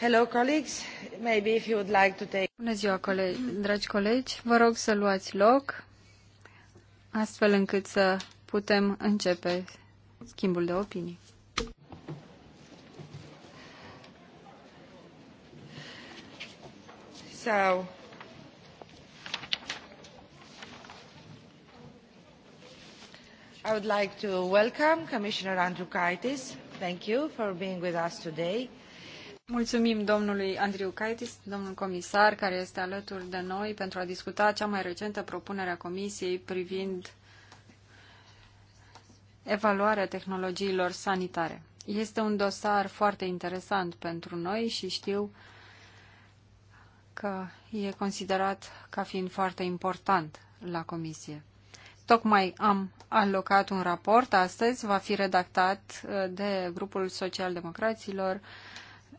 Bună ziua, dragi colegi. Vă rog să luați loc, astfel încât să putem începe schimbul de opinii. So, I would like to welcome Commissioner Andrew Kaitis. Thank you for being with us today. Mulțumim domnului Andriu Caitis, domnul comisar, care este alături de noi pentru a discuta cea mai recentă propunere a Comisiei privind evaluarea tehnologiilor sanitare. Este un dosar foarte interesant pentru noi și știu că e considerat ca fiind foarte important la Comisie. Tocmai am alocat un raport, astăzi va fi redactat uh, de grupul social-democraților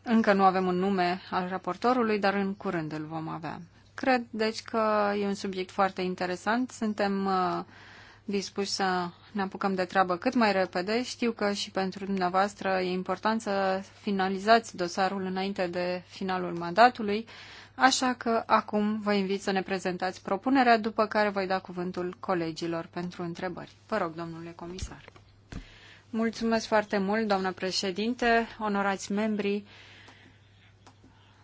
încă nu avem un nume al raportorului, dar în curând îl vom avea. Cred, deci, că e un subiect foarte interesant. Suntem uh, dispuși să ne apucăm de treabă cât mai repede. Știu că și pentru dumneavoastră e important să finalizați dosarul înainte de finalul mandatului, așa că acum vă invit să ne prezentați propunerea, după care voi da cuvântul colegilor pentru întrebări. Vă rog, domnule comisar. Mulțumesc foarte mult, doamnă președinte, onorați membrii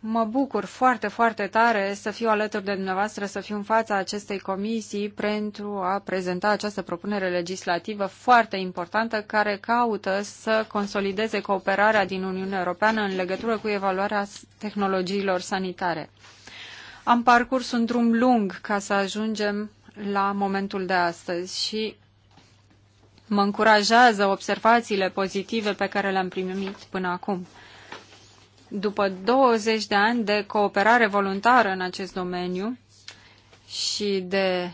Mă bucur foarte, foarte tare să fiu alături de dumneavoastră, să fiu în fața acestei comisii pentru a prezenta această propunere legislativă foarte importantă care caută să consolideze cooperarea din Uniunea Europeană în legătură cu evaluarea tehnologiilor sanitare. Am parcurs un drum lung ca să ajungem la momentul de astăzi și mă încurajează observațiile pozitive pe care le-am primit până acum. După 20 de ani de cooperare voluntară în acest domeniu și de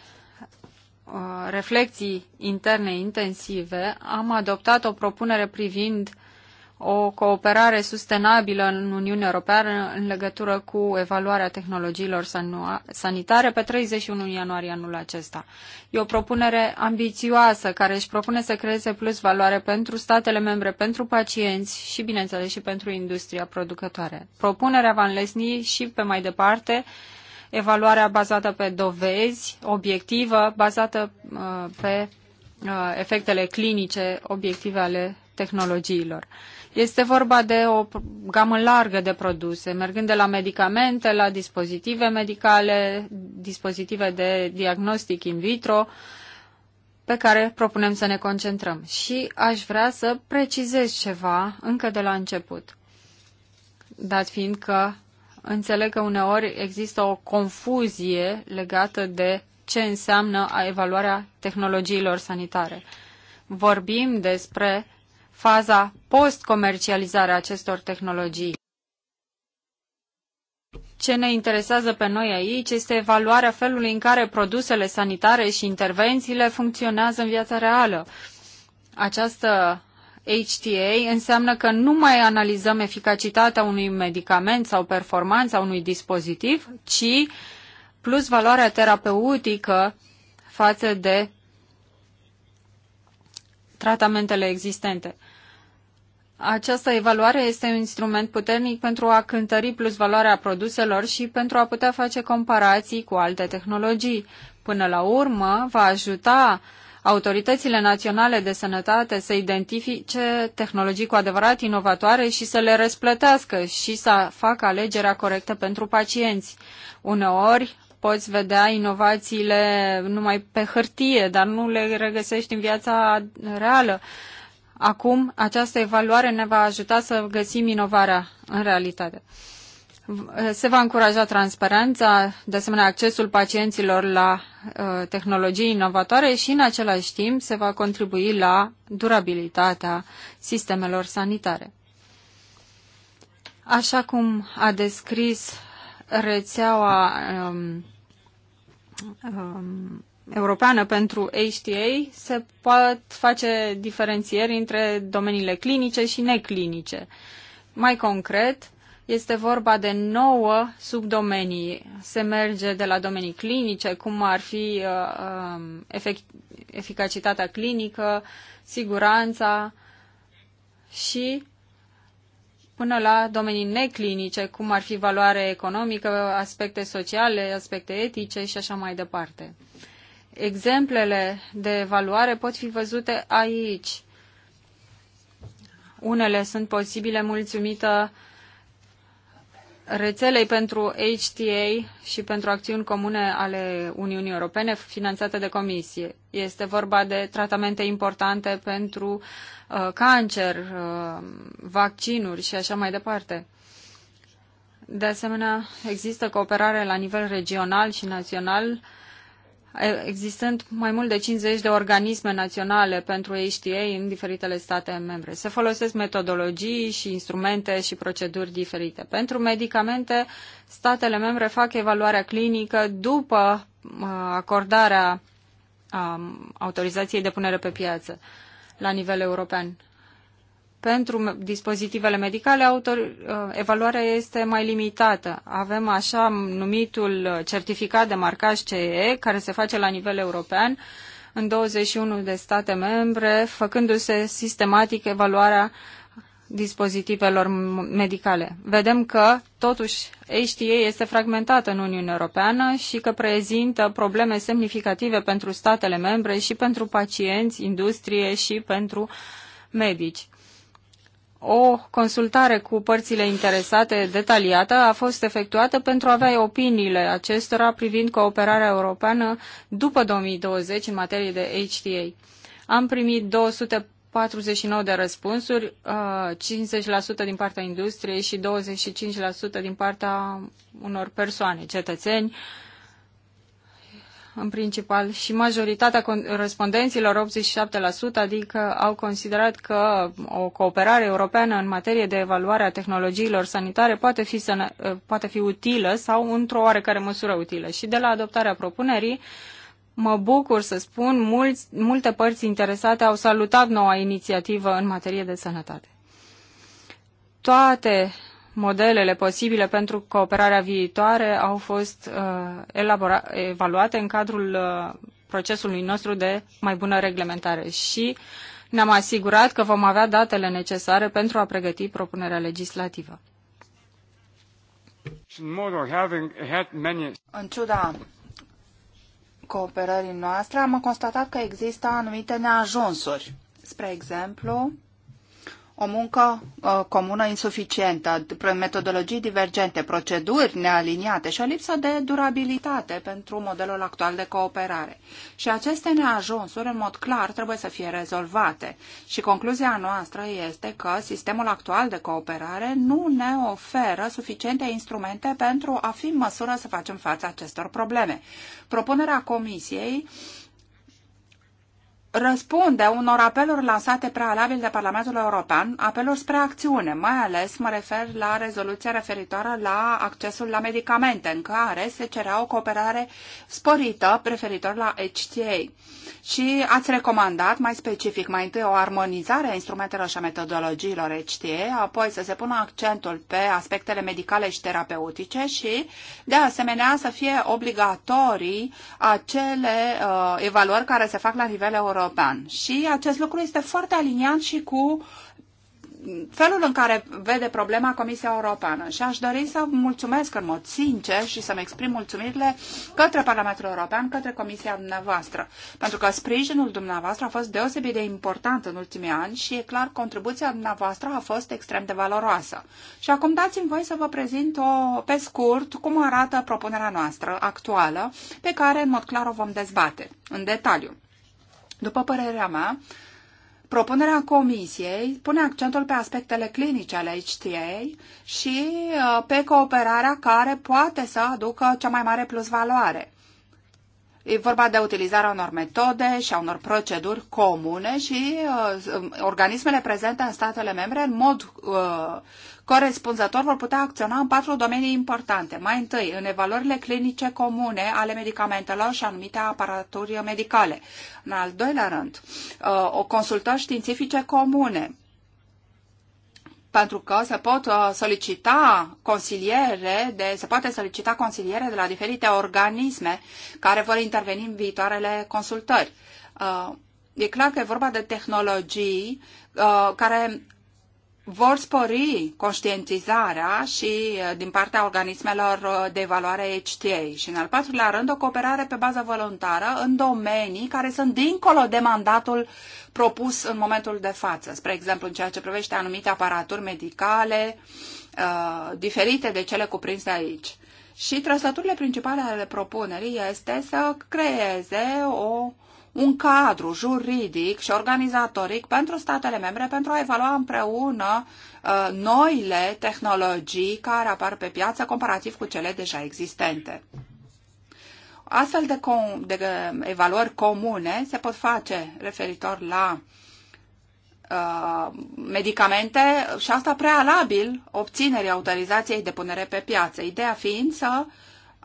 uh, reflecții interne intensive, am adoptat o propunere privind o cooperare sustenabilă în Uniunea Europeană în legătură cu evaluarea tehnologiilor sanitare pe 31 ianuarie anul acesta. E o propunere ambițioasă care își propune să creeze plus valoare pentru statele membre, pentru pacienți și, bineînțeles, și pentru industria producătoare. Propunerea va înlesni și pe mai departe evaluarea bazată pe dovezi, obiectivă, bazată uh, pe uh, efectele clinice obiective ale tehnologiilor. Este vorba de o gamă largă de produse, mergând de la medicamente, la dispozitive medicale, dispozitive de diagnostic in vitro, pe care propunem să ne concentrăm. Și aș vrea să precizez ceva încă de la început, dat fiind că înțeleg că uneori există o confuzie legată de ce înseamnă evaluarea tehnologiilor sanitare. Vorbim despre faza post-comercializare a acestor tehnologii. Ce ne interesează pe noi aici este evaluarea felului în care produsele sanitare și intervențiile funcționează în viața reală. Această HTA înseamnă că nu mai analizăm eficacitatea unui medicament sau performanța unui dispozitiv, ci plus valoarea terapeutică față de tratamentele existente. Această evaluare este un instrument puternic pentru a cântări plus valoarea produselor și pentru a putea face comparații cu alte tehnologii. Până la urmă, va ajuta autoritățile naționale de sănătate să identifice tehnologii cu adevărat inovatoare și să le răsplătească și să facă alegerea corectă pentru pacienți. Uneori poți vedea inovațiile numai pe hârtie, dar nu le regăsești în viața reală. Acum, această evaluare ne va ajuta să găsim inovarea în realitate. Se va încuraja transparența, de asemenea accesul pacienților la uh, tehnologii inovatoare și în același timp se va contribui la durabilitatea sistemelor sanitare. Așa cum a descris rețeaua um, um, Europeană pentru HTA se pot face diferențieri între domeniile clinice și neclinice. Mai concret, este vorba de nouă subdomenii. Se merge de la domenii clinice, cum ar fi uh, um, efect, eficacitatea clinică, siguranța și până la domenii neclinice, cum ar fi valoare economică, aspecte sociale, aspecte etice și așa mai departe. Exemplele de evaluare pot fi văzute aici. Unele sunt posibile mulțumită rețelei pentru HTA și pentru acțiuni comune ale Uniunii Europene finanțate de Comisie. Este vorba de tratamente importante pentru uh, cancer, uh, vaccinuri și așa mai departe. De asemenea, există cooperare la nivel regional și național existând mai mult de 50 de organisme naționale pentru HTA în diferitele state membre. Se folosesc metodologii și instrumente și proceduri diferite. Pentru medicamente, statele membre fac evaluarea clinică după uh, acordarea um, autorizației de punere pe piață la nivel european pentru dispozitivele medicale, autor, uh, evaluarea este mai limitată. Avem așa numitul certificat de marcaj CE, care se face la nivel european, în 21 de state membre, făcându-se sistematic evaluarea dispozitivelor medicale. Vedem că, totuși, HTA este fragmentată în Uniunea Europeană și că prezintă probleme semnificative pentru statele membre și pentru pacienți, industrie și pentru medici o consultare cu părțile interesate detaliată a fost efectuată pentru a avea opiniile acestora privind cooperarea europeană după 2020 în materie de HTA. Am primit 249 de răspunsuri, 50% uh, din partea industriei și 25% din partea unor persoane, cetățeni, în principal și majoritatea respondenților, 87%, adică au considerat că o cooperare europeană în materie de evaluare a tehnologiilor sanitare poate fi, sănă, eh, poate fi utilă sau într-o oarecare măsură utilă. Și de la adoptarea propunerii, mă bucur să spun, mulți, multe părți interesate au salutat noua inițiativă în materie de sănătate toate modelele posibile pentru cooperarea viitoare au fost uh, evaluate în cadrul uh, procesului nostru de mai bună reglementare și ne-am asigurat că vom avea datele necesare pentru a pregăti propunerea legislativă. În ciuda cooperării noastre, am constatat că există anumite neajunsuri. Spre exemplu, o muncă uh, comună insuficientă, metodologii divergente, proceduri nealiniate și o lipsă de durabilitate pentru modelul actual de cooperare. Și aceste neajunsuri, în mod clar, trebuie să fie rezolvate. Și concluzia noastră este că sistemul actual de cooperare nu ne oferă suficiente instrumente pentru a fi în măsură să facem față acestor probleme. Propunerea Comisiei răspunde unor apeluri lansate prealabil de Parlamentul European, apeluri spre acțiune, mai ales mă refer la rezoluția referitoare la accesul la medicamente, în care se cerea o cooperare sporită referitor la HTA. Și ați recomandat mai specific mai întâi o armonizare a instrumentelor și a metodologiilor HTA, apoi să se pună accentul pe aspectele medicale și terapeutice și, de asemenea, să fie obligatorii acele uh, evaluări care se fac la nivel european european. Și acest lucru este foarte aliniat și cu felul în care vede problema Comisia Europeană și aș dori să mulțumesc în mod sincer și să-mi exprim mulțumirile către Parlamentul European, către Comisia dumneavoastră, pentru că sprijinul dumneavoastră a fost deosebit de important în ultimii ani și e clar contribuția dumneavoastră a fost extrem de valoroasă. Și acum dați-mi voi să vă prezint o, pe scurt cum arată propunerea noastră actuală, pe care în mod clar o vom dezbate în detaliu. După părerea mea, Propunerea comisiei pune accentul pe aspectele clinice ale HTA și uh, pe cooperarea care poate să aducă cea mai mare plusvaloare. E vorba de utilizarea unor metode și a unor proceduri comune și uh, um, organismele prezente în statele membre în mod uh, corespunzător vor putea acționa în patru domenii importante. Mai întâi, în evaluările clinice comune ale medicamentelor și anumite aparaturi medicale. În al doilea rând, uh, o consultări științifice comune pentru că se pot uh, solicita consiliere, de, se poate solicita consiliere de la diferite organisme care vor interveni în viitoarele consultări. Uh, e clar că e vorba de tehnologii uh, care vor spori conștientizarea și uh, din partea organismelor uh, de evaluare HTA și, în al patrulea rând, o cooperare pe bază voluntară în domenii care sunt dincolo de mandatul propus în momentul de față, spre exemplu în ceea ce privește anumite aparaturi medicale uh, diferite de cele cuprinse aici. Și trăsăturile principale ale propunerii este să creeze o uh, un cadru juridic și organizatoric pentru statele membre pentru a evalua împreună uh, noile tehnologii care apar pe piață comparativ cu cele deja existente. Astfel de, com- de uh, evaluări comune se pot face referitor la uh, medicamente și asta prealabil obținerii autorizației de punere pe piață. Ideea fiind să uh,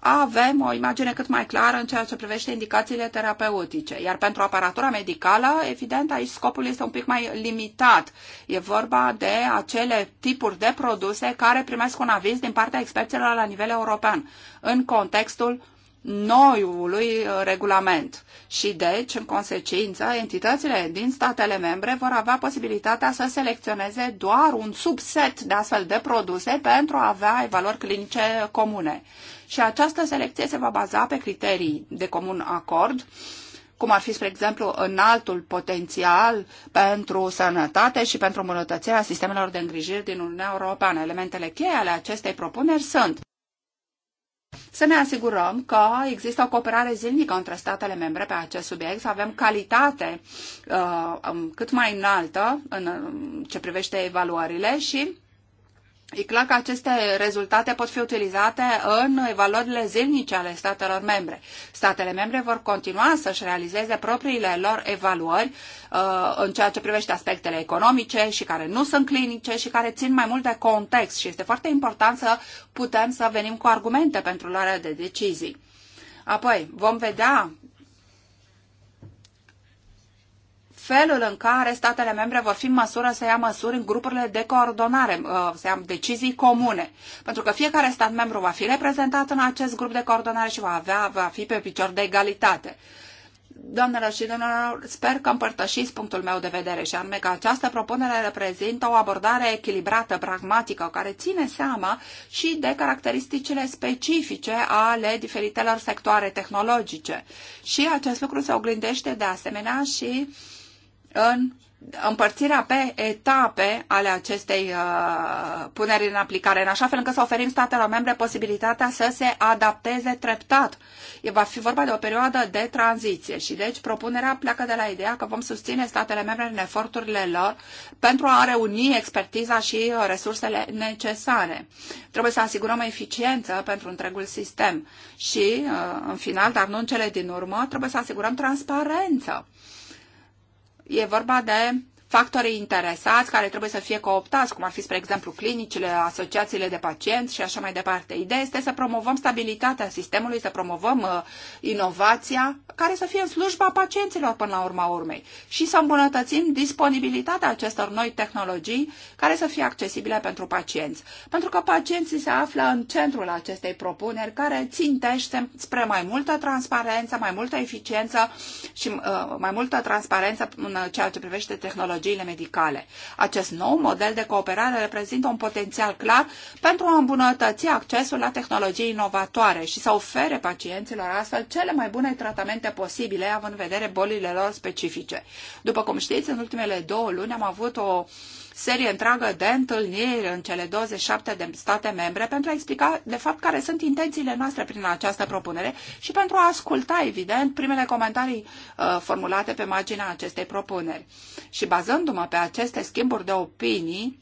avem o imagine cât mai clară în ceea ce privește indicațiile terapeutice. Iar pentru aparatura medicală, evident, aici scopul este un pic mai limitat. E vorba de acele tipuri de produse care primesc un aviz din partea experților la nivel european, în contextul noiului uh, regulament. Și deci, în consecință, entitățile din statele membre vor avea posibilitatea să selecționeze doar un subset de astfel de produse pentru a avea valori clinice comune. Și această selecție se va baza pe criterii de comun acord, cum ar fi, spre exemplu, înaltul potențial pentru sănătate și pentru îmbunătățirea sistemelor de îngrijiri din Uniunea Europeană. Elementele cheie ale acestei propuneri sunt să ne asigurăm că există o cooperare zilnică între statele membre pe acest subiect, să avem calitate uh, um, cât mai înaltă în uh, ce privește evaluările și E clar că aceste rezultate pot fi utilizate în evaluările zilnice ale statelor membre. Statele membre vor continua să-și realizeze propriile lor evaluări uh, în ceea ce privește aspectele economice și care nu sunt clinice și care țin mai mult de context și este foarte important să putem să venim cu argumente pentru luarea de decizii. Apoi, vom vedea felul în care statele membre vor fi în măsură să ia măsuri în grupurile de coordonare, uh, să ia decizii comune. Pentru că fiecare stat membru va fi reprezentat în acest grup de coordonare și va, avea, va fi pe picior de egalitate. Doamnelor și domnilor, sper că împărtășiți punctul meu de vedere și anume că această propunere reprezintă o abordare echilibrată, pragmatică, care ține seama și de caracteristicile specifice ale diferitelor sectoare tehnologice. Și acest lucru se oglindește de asemenea și uh, în împărțirea pe etape ale acestei uh, puneri în aplicare, în așa fel încât să oferim statelor membre posibilitatea să se adapteze treptat. E va fi vorba de o perioadă de tranziție și deci propunerea pleacă de la ideea că vom susține statele membre în eforturile lor pentru a reuni expertiza și uh, resursele necesare. Trebuie să asigurăm eficiență pentru întregul sistem și, uh, în final, dar nu în cele din urmă, trebuie să asigurăm transparență E vorba de factorii interesați care trebuie să fie cooptați, cum ar fi, spre exemplu, clinicile, asociațiile de pacienți și așa mai departe. Ideea este să promovăm stabilitatea sistemului, să promovăm uh, inovația care să fie în slujba pacienților până la urma urmei și să îmbunătățim disponibilitatea acestor noi tehnologii care să fie accesibile pentru pacienți. Pentru că pacienții se află în centrul acestei propuneri care țintește spre mai multă transparență, mai multă eficiență și uh, mai multă transparență în uh, ceea ce privește tehnologia tehnologiile medicale. Acest nou model de cooperare reprezintă un potențial clar pentru a îmbunătăți accesul la tehnologii inovatoare și să ofere pacienților astfel cele mai bune tratamente posibile, având în vedere bolile lor specifice. După cum știți, în ultimele două luni am avut o uh, serie întreagă de întâlniri în cele 27 de state membre pentru a explica, de fapt, care sunt intențiile noastre prin această propunere și pentru a asculta, evident, primele comentarii uh, formulate pe marginea acestei propuneri. Și bazându-mă pe aceste schimburi de opinii,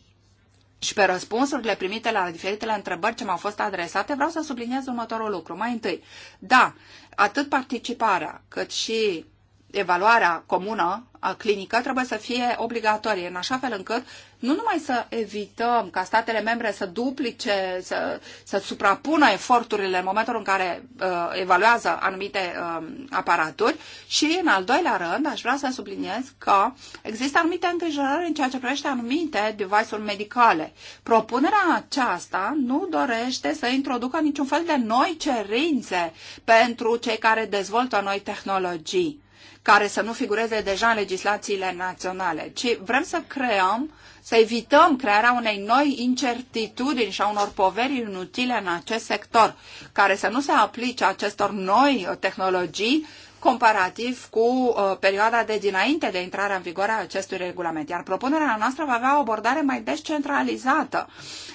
și pe răspunsurile primite la diferitele întrebări ce m-au fost adresate, vreau să subliniez următorul lucru. Mai întâi, da, atât participarea cât și evaluarea comună clinică trebuie să fie obligatorie, în așa fel încât nu numai să evităm ca statele membre să duplice, să, să suprapună eforturile în momentul în care uh, evaluează anumite uh, aparaturi și, în al doilea rând, aș vrea să subliniez că există anumite îngrijorări în ceea ce privește anumite device-uri medicale. Propunerea aceasta nu dorește să introducă niciun fel de noi cerințe pentru cei care dezvoltă noi tehnologii care să nu figureze deja în legislațiile naționale, ci vrem să creăm, să evităm crearea unei noi incertitudini și a unor poveri inutile în acest sector, care să nu se aplice acestor noi tehnologii comparativ cu uh, perioada de dinainte de intrarea în vigoare a acestui regulament. Iar propunerea noastră va avea o abordare mai descentralizată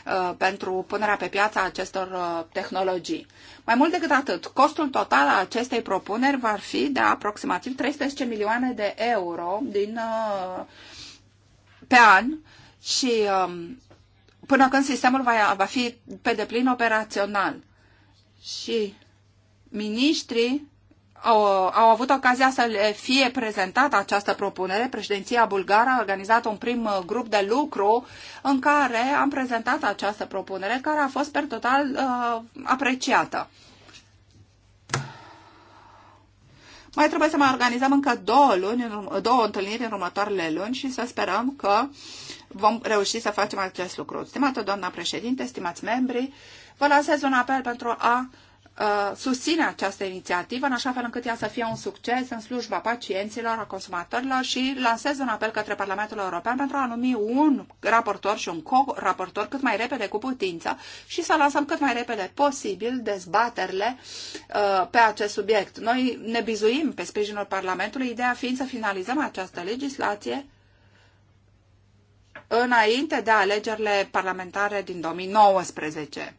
uh, pentru punerea pe piață a acestor uh, tehnologii. Mai mult decât atât, costul total al acestei propuneri va fi de aproximativ 310 milioane de euro din, pe an și um, până când sistemul va, va fi pe deplin operațional. Și miniștrii au, au avut ocazia să le fie prezentată această propunere. Președinția bulgară a organizat un prim uh, grup de lucru în care am prezentat această propunere, care a fost per total uh, apreciată. Mai trebuie să mai organizăm încă două, luni, două întâlniri în următoarele luni și să sperăm că vom reuși să facem acest lucru. Stimată doamna președinte, stimați membri, vă lasez un apel pentru a Uh, susține această inițiativă în așa fel încât ea să fie un succes în slujba pacienților, a consumatorilor și lansez un apel către Parlamentul European pentru a numi un raportor și un co-raportor cât mai repede cu putință și să lansăm cât mai repede posibil dezbaterile uh, pe acest subiect. Noi ne bizuim pe sprijinul Parlamentului, ideea fiind să finalizăm această legislație înainte de alegerile parlamentare din 2019.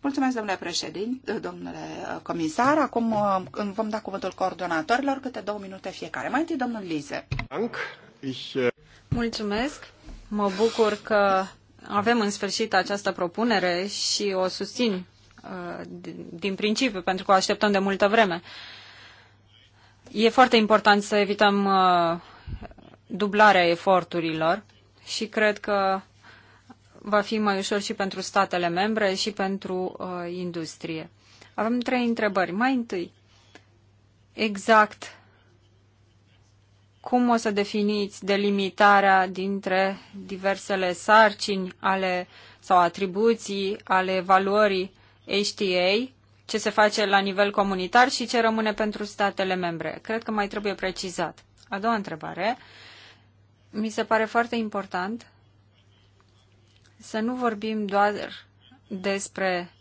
Mulțumesc, domnule președinte, domnule comisar. Acum um, vom da cuvântul coordonatorilor, câte două minute fiecare. Mai întâi, domnul Lize. Uh, Mulțumesc. Mă bucur că avem în sfârșit această propunere și o susțin uh, din principiu, pentru că o așteptăm de multă vreme. E foarte important să evităm uh, dublarea eforturilor și cred că va fi mai ușor și pentru statele membre și pentru uh, industrie. Avem trei întrebări. Mai întâi, exact cum o să definiți delimitarea dintre diversele sarcini ale, sau atribuții ale evaluării HTA, ce se face la nivel comunitar și ce rămâne pentru statele membre? Cred că mai trebuie precizat. A doua întrebare. Mi se pare foarte important să nu vorbim doar despre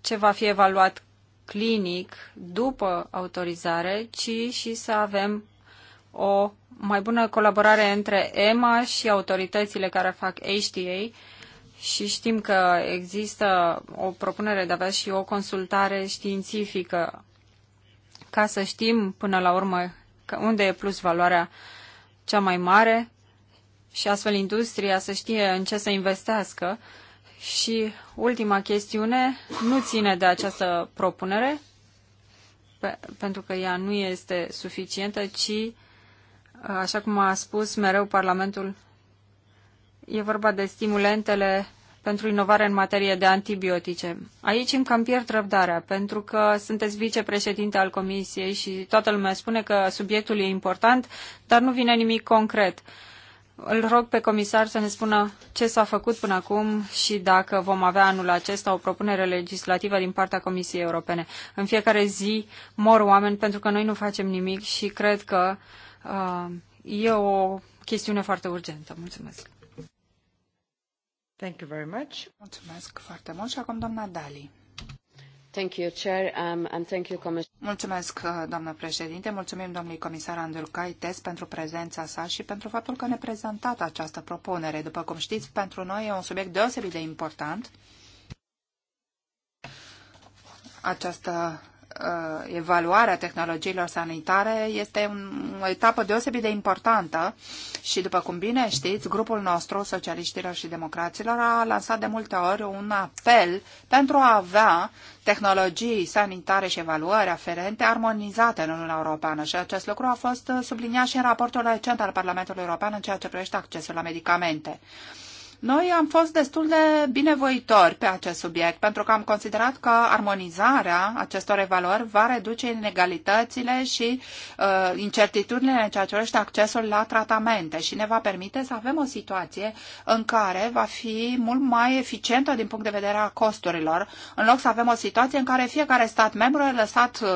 ce va fi evaluat clinic după autorizare, ci și să avem o mai bună colaborare între EMA și autoritățile care fac HTA și știm că există o propunere de a avea și o consultare științifică ca să știm până la urmă unde e plus valoarea cea mai mare și astfel industria să știe în ce să investească. Și ultima chestiune nu ține de această propunere, pe, pentru că ea nu este suficientă, ci, așa cum a spus mereu Parlamentul, e vorba de stimulentele pentru inovare în materie de antibiotice. Aici îmi cam pierd răbdarea, pentru că sunteți vicepreședinte al Comisiei și toată lumea spune că subiectul e important, dar nu vine nimic concret. Uh, îl rog pe comisar să ne spună ce s-a făcut până acum și dacă vom avea anul acesta o propunere legislativă din partea Comisiei Europene. În fiecare zi mor oameni pentru că noi nu facem nimic și cred că uh, e o chestiune foarte urgentă. Mulțumesc. Thank you very much. Mulțumesc foarte mult și acum doamna Dali. Um, Mulțumesc, uh, doamnă președinte. Mulțumim domnului comisar Andrul pentru prezența sa și pentru faptul că ne-a prezentat această propunere. După cum știți, pentru noi e un subiect deosebit de important. Această Uh, evaluarea tehnologiilor sanitare este un, o etapă deosebit de importantă și, după cum bine știți, grupul nostru, socialiștilor și democraților, a lansat de multe ori un apel pentru a avea tehnologii sanitare și evaluări aferente armonizate în Uniunea Europeană și acest lucru a fost subliniat și în raportul recent al Parlamentului European în ceea ce privește accesul la medicamente. Noi am fost destul de binevoitori pe acest subiect, pentru că am considerat că armonizarea acestor evaluări va reduce inegalitățile și uh, incertitudinile în ceea ce urește accesul la tratamente și ne va permite să avem o situație în care va fi mult mai eficientă din punct de vedere a costurilor, în loc să avem o situație în care fiecare stat membru e lăsat uh,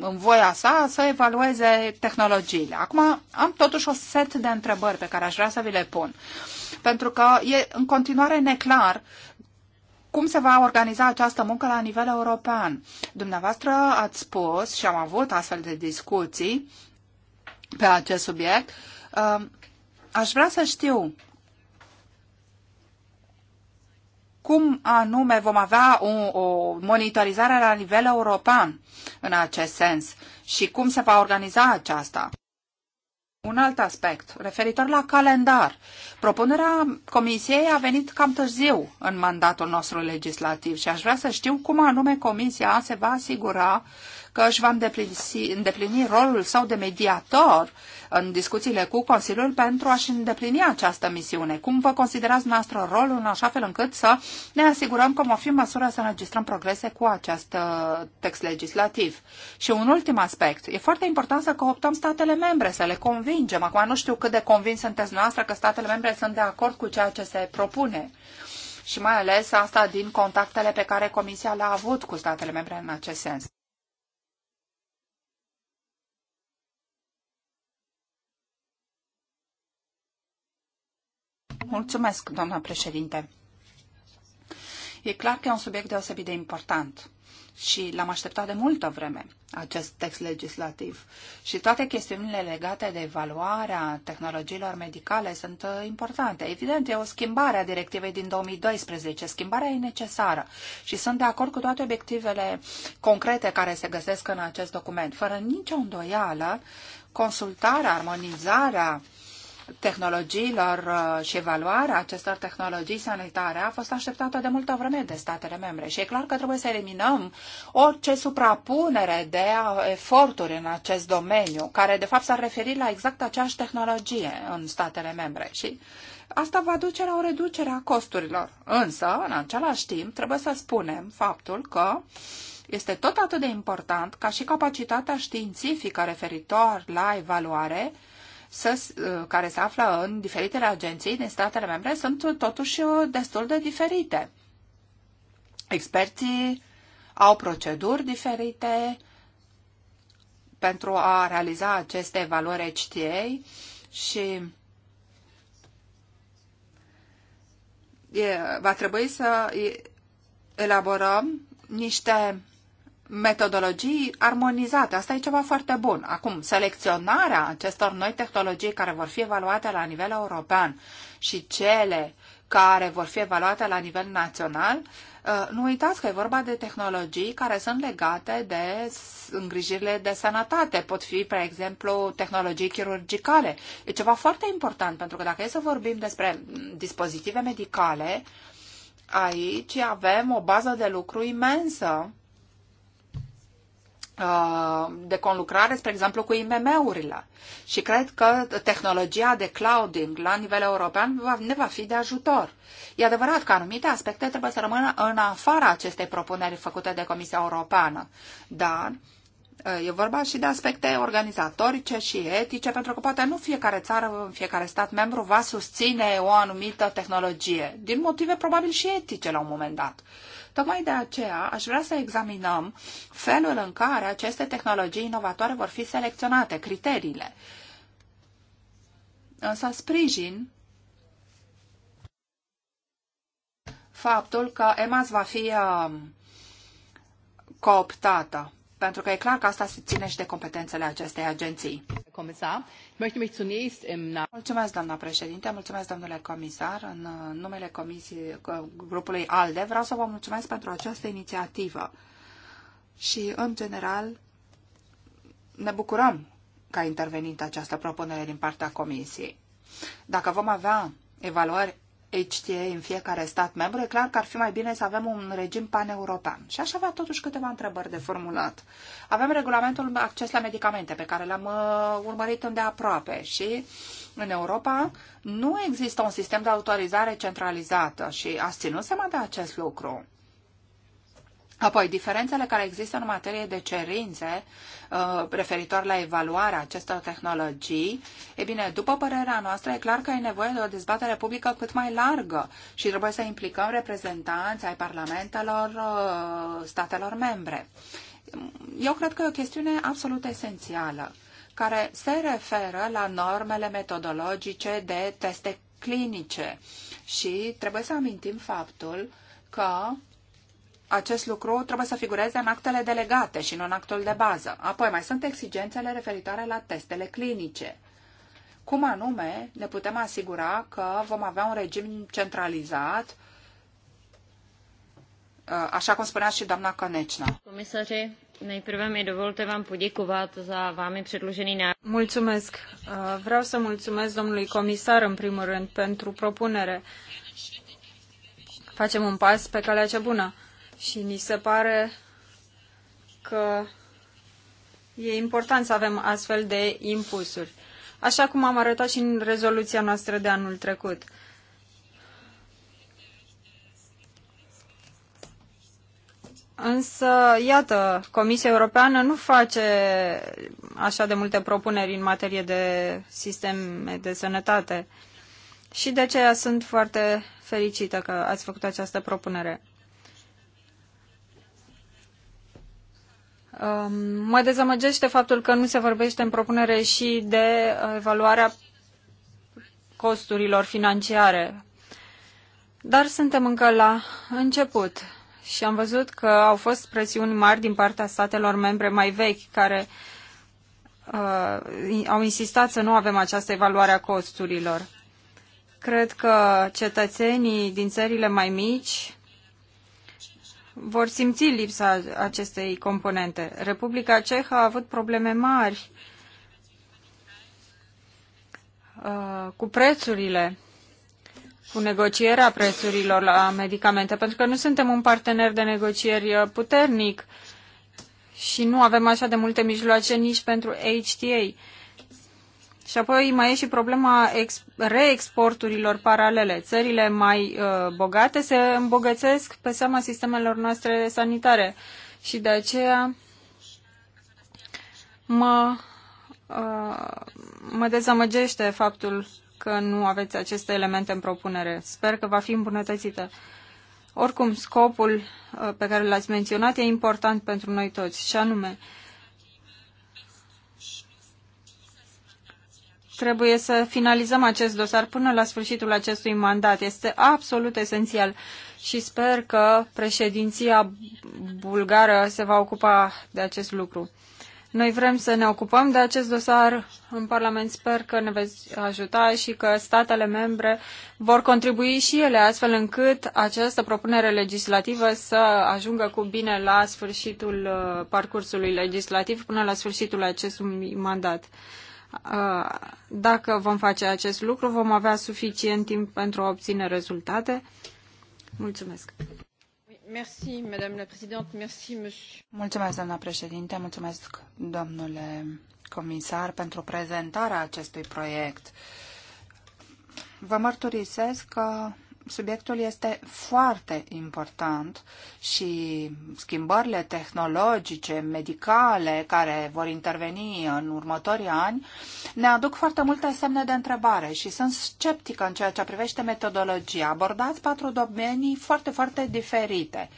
în voia sa să evalueze tehnologiile. Acum am totuși o set de întrebări pe care aș vrea să vi le pun. Uh, pentru că e în continuare neclar cum se va organiza această muncă la nivel european. Dumneavoastră ați spus și am avut astfel de discuții pe acest subiect. Um, aș vrea să știu cum anume vom avea o, o monitorizare la nivel european în acest sens și cum se va organiza aceasta un alt aspect, referitor la calendar. Propunerea Comisiei a venit cam târziu în mandatul nostru legislativ și aș vrea să știu cum anume Comisia se va asigura uh, că își va îndeplini, îndeplini rolul său de mediator în discuțiile cu Consiliul pentru a-și îndeplini această misiune. Cum vă considerați noastră rolul în așa fel încât să ne asigurăm că vom fi în măsură să înregistrăm progrese cu acest uh, text legislativ? Și un ultim aspect. E foarte important să cooptăm statele membre, să le convingem. Acum nu știu cât de convins sunteți noastră că statele membre sunt de acord cu ceea ce se propune și mai ales asta din contactele pe care Comisia le-a avut cu statele membre în acest sens. Mulțumesc, doamna președinte. E clar că e un subiect deosebit de important și l-am așteptat de multă vreme, acest text legislativ. Și toate chestiunile legate de evaluarea tehnologiilor medicale sunt uh, importante. Evident, e o schimbare a directivei din 2012. Schimbarea e necesară și sunt de acord cu toate obiectivele concrete care se găsesc în acest document. Fără nicio îndoială, consultarea, armonizarea uh, tehnologiilor uh, și evaluarea acestor tehnologii sanitare a fost așteptată de multă vreme de statele membre și e clar că trebuie să eliminăm orice suprapunere de uh, eforturi în acest domeniu, care de fapt s-ar referi la exact aceeași tehnologie în statele membre și Asta va duce la o reducere a costurilor. Însă, în același timp, trebuie să spunem faptul că este tot atât de important ca și capacitatea științifică referitor la evaluare să, uh, care se află în diferitele agenții din statele membre sunt totuși uh, destul de diferite. Experții au proceduri diferite pentru a realiza aceste valori HTA și va trebui să elaborăm niște metodologii armonizate. Asta e ceva foarte bun. Acum, selecționarea acestor noi tehnologii care vor fi evaluate la nivel european și cele care vor fi evaluate la nivel național, uh, nu uitați că e vorba de tehnologii care sunt legate de îngrijirile de sănătate. Pot fi, pe exemplu, tehnologii chirurgicale. E ceva foarte important, pentru că dacă e să vorbim despre dispozitive medicale, aici avem o bază de lucru imensă Uh, de conlucrare, spre exemplu, cu IMM-urile. Și cred că tehnologia de clouding la nivel european ne va fi de ajutor. E adevărat că anumite aspecte trebuie să rămână în afara acestei propuneri făcute de Comisia Europeană, dar uh, e vorba și de aspecte organizatorice și etice, pentru că poate nu fiecare țară, fiecare stat membru va susține o anumită tehnologie, din motive probabil și etice la un moment dat. Tocmai de aceea aș vrea să examinăm felul în care aceste tehnologii inovatoare vor fi selecționate, criteriile. Însă sprijin faptul că EMAS va fi uh, cooptată, pentru că e clar că asta se ține și de competențele acestei agenții. Comisar, Mulțumesc, doamna președinte, mulțumesc, domnule comisar. În uh, numele comisiei, uh, grupului ALDE vreau să vă mulțumesc pentru această inițiativă. Și, în general, ne bucurăm că a intervenit această propunere din partea comisiei. Dacă vom avea evaluări HTA în fiecare stat membru, e clar că ar fi mai bine să avem un regim paneuropean. Și aș avea totuși câteva întrebări de formulat. Avem regulamentul acces la medicamente pe care l-am uh, urmărit îndeaproape și în Europa nu există un sistem de autorizare centralizată și ați ținut seama de acest lucru. Apoi, diferențele care există în materie de cerințe uh, referitor la evaluarea acestor tehnologii, e bine, după părerea noastră, e clar că e nevoie de o dezbatere publică cât mai largă și trebuie să implicăm reprezentanți ai parlamentelor uh, statelor membre. Eu cred că e o chestiune absolut esențială, care se referă la normele metodologice de teste clinice și trebuie să amintim faptul că acest lucru trebuie să figureze în actele delegate și nu în actul de bază. Apoi mai sunt exigențele referitoare la testele clinice. Cum anume ne putem asigura că vom avea un regim centralizat, uh, așa cum spunea și doamna Conecna. Comisarii, Nejprve mi dovolte vám poděkovat za vámi předložený návrh. Mulțumesc. Uh, vreau să mulțumesc domnului comisar în primul rând pentru propunere. Facem un pas pe calea cea bună. Și ni se pare că e important să avem astfel de impulsuri. Așa cum am arătat și în rezoluția noastră de anul trecut. Însă, iată, Comisia Europeană nu face așa de multe propuneri în materie de sisteme de sănătate. Și de aceea sunt foarte fericită că ați făcut această propunere. Um, mă dezamăgește faptul că nu se vorbește în propunere și de evaluarea costurilor financiare. Dar suntem încă la început și am văzut că au fost presiuni mari din partea statelor membre mai vechi care uh, au insistat să nu avem această evaluare a costurilor. Cred că cetățenii din țările mai mici vor simți lipsa acestei componente. Republica Cehă a avut probleme mari uh, cu prețurile, cu negocierea prețurilor la medicamente, pentru că nu suntem un partener de negocieri uh, puternic și nu avem așa de multe mijloace nici pentru HTA. Și apoi mai e și problema reexporturilor paralele. Țările mai uh, bogate se îmbogățesc pe seama sistemelor noastre sanitare și de aceea mă, uh, mă dezamăgește faptul că nu aveți aceste elemente în propunere. Sper că va fi îmbunătățită. Oricum, scopul uh, pe care l-ați menționat e important pentru noi toți, și anume uh, trebuie să finalizăm acest dosar până la sfârșitul acestui mandat. Este absolut esențial și sper că președinția bulgară se va ocupa de acest lucru. Noi vrem să ne ocupăm de acest dosar în Parlament. Sper că ne veți ajuta și că statele membre vor contribui și ele astfel încât această propunere legislativă să ajungă cu bine la sfârșitul uh, parcursului legislativ până la sfârșitul acestui mandat. Uh, dacă vom face acest lucru, vom avea suficient timp pentru a obține rezultate. Mulțumesc. Mulțumesc, doamna președinte, mulțumesc, domnule comisar, pentru prezentarea acestui proiect. Vă mărturisesc că subiectul este foarte important și schimbările tehnologice, medicale care vor interveni în următorii ani ne aduc foarte multe semne de întrebare și sunt sceptică în ceea ce privește metodologia. Abordați patru domenii foarte, foarte diferite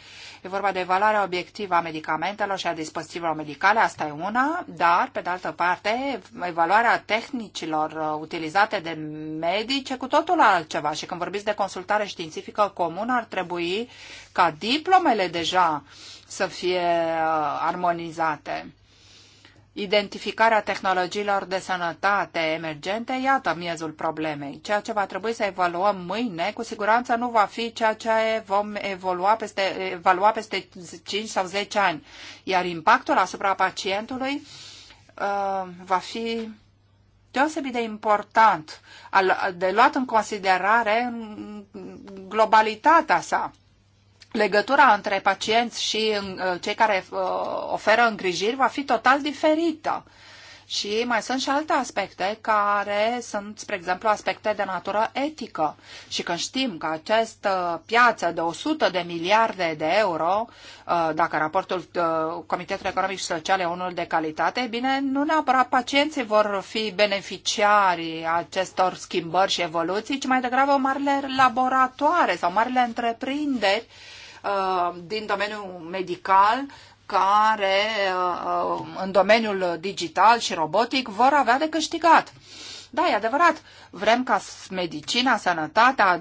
E vorba de evaluarea obiectivă a medicamentelor și a dispozitivelor medicale, asta e una, dar, pe de altă parte, evaluarea tehnicilor uh, utilizate de medici e cu totul altceva. Și când vorbiți de consultare științifică comună, ar trebui ca diplomele deja să fie uh, armonizate identificarea tehnologiilor de sănătate emergente, iată miezul problemei. Ceea ce va trebui să evaluăm mâine, cu siguranță nu va fi ceea ce vom evolua peste, evalua peste 5 sau 10 ani, iar impactul asupra pacientului uh, va fi deosebit de important de luat în considerare globalitatea sa legătura între pacienți și uh, cei care uh, oferă îngrijiri va fi total diferită. Și mai sunt și alte aspecte care sunt, spre exemplu, aspecte de natură etică. Și când știm că această piață de 100 de miliarde de euro, uh, dacă raportul Comitetului Economic și Social e unul de calitate, bine, nu neapărat pacienții vor fi beneficiari acestor schimbări și evoluții, ci mai degrabă marile laboratoare sau marile întreprinderi Uh, din domeniul medical care uh, uh, în domeniul digital și robotic vor avea de câștigat. Da, e adevărat. Vrem ca medicina, sănătatea,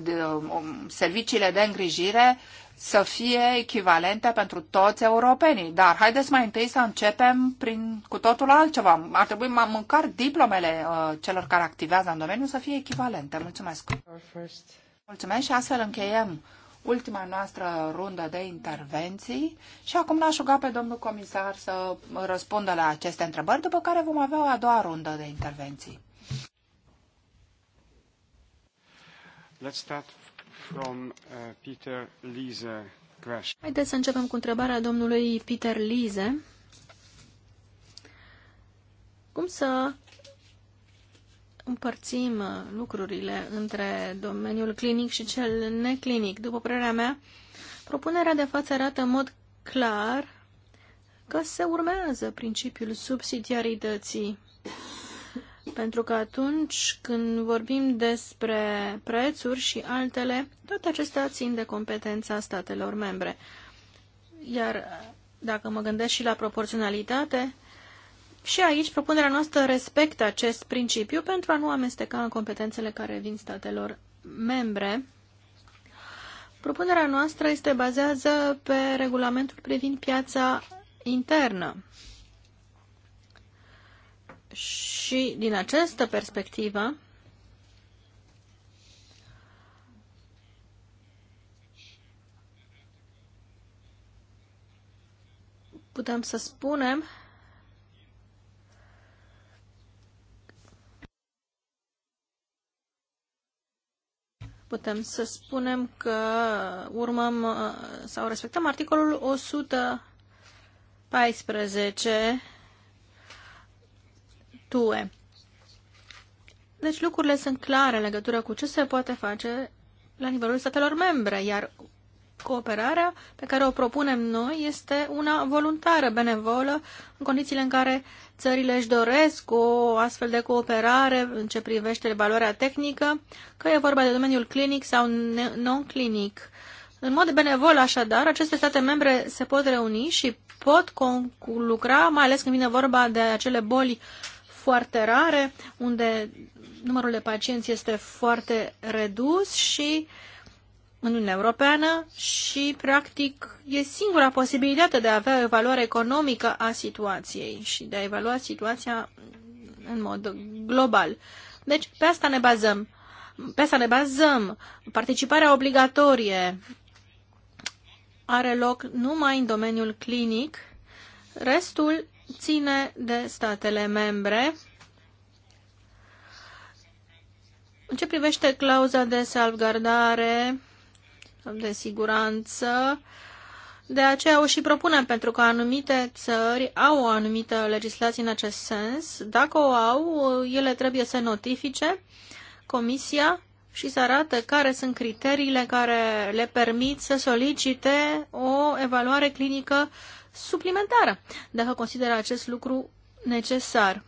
um, serviciile de îngrijire să fie echivalente pentru toți europenii. Dar haideți mai întâi să începem prin, cu totul altceva. Ar trebui măcar diplomele uh, celor care activează în domeniu să fie echivalente. Mulțumesc! Mulțumesc și astfel încheiem ultima noastră rundă de intervenții și acum l-aș ruga pe domnul comisar să răspundă la aceste întrebări, după care vom avea a doua rundă de intervenții. Let's start from uh, Peter Lise question. Haideți să începem cu întrebarea domnului Peter Lise. Cum să împărțim uh, lucrurile între domeniul clinic și cel neclinic. După părerea mea, propunerea de față arată în mod clar că se urmează principiul subsidiarității. Pentru că atunci când vorbim despre prețuri și altele, toate acestea țin de competența statelor membre. Iar uh, dacă mă gândesc și la proporționalitate, și aici propunerea noastră respectă acest principiu pentru a nu amesteca în competențele care vin statelor membre. Propunerea noastră este bazează pe regulamentul privind piața internă. Și din această perspectivă, putem să spunem putem să spunem că urmăm uh, sau respectăm articolul 114 TUE. Deci lucrurile sunt clare în legătură cu ce se poate face la nivelul statelor membre, iar Cooperarea pe care o propunem noi este una voluntară, benevolă, în condițiile în care țările își doresc o astfel de cooperare în ce privește valoarea tehnică, că e vorba de domeniul clinic sau non-clinic. În mod benevol, așadar, aceste state membre se pot reuni și pot lucra, mai ales când vine vorba de acele boli foarte rare, unde numărul de pacienți este foarte redus și uh, în Uniunea Europeană și, practic, e singura posibilitate de a avea o evaluare economică a situației și de a evalua situația în mod global. Deci, pe asta ne bazăm. Pe asta ne bazăm. Participarea obligatorie are loc numai în domeniul clinic. Restul ține de statele membre. În ce privește clauza de salvgardare, de siguranță. De aceea o și propunem, pentru că anumite țări au o anumită legislație în acest sens. Dacă o au, ele trebuie să notifice Comisia și să arată care sunt criteriile care le permit să solicite o evaluare clinică suplimentară, dacă consideră acest lucru necesar.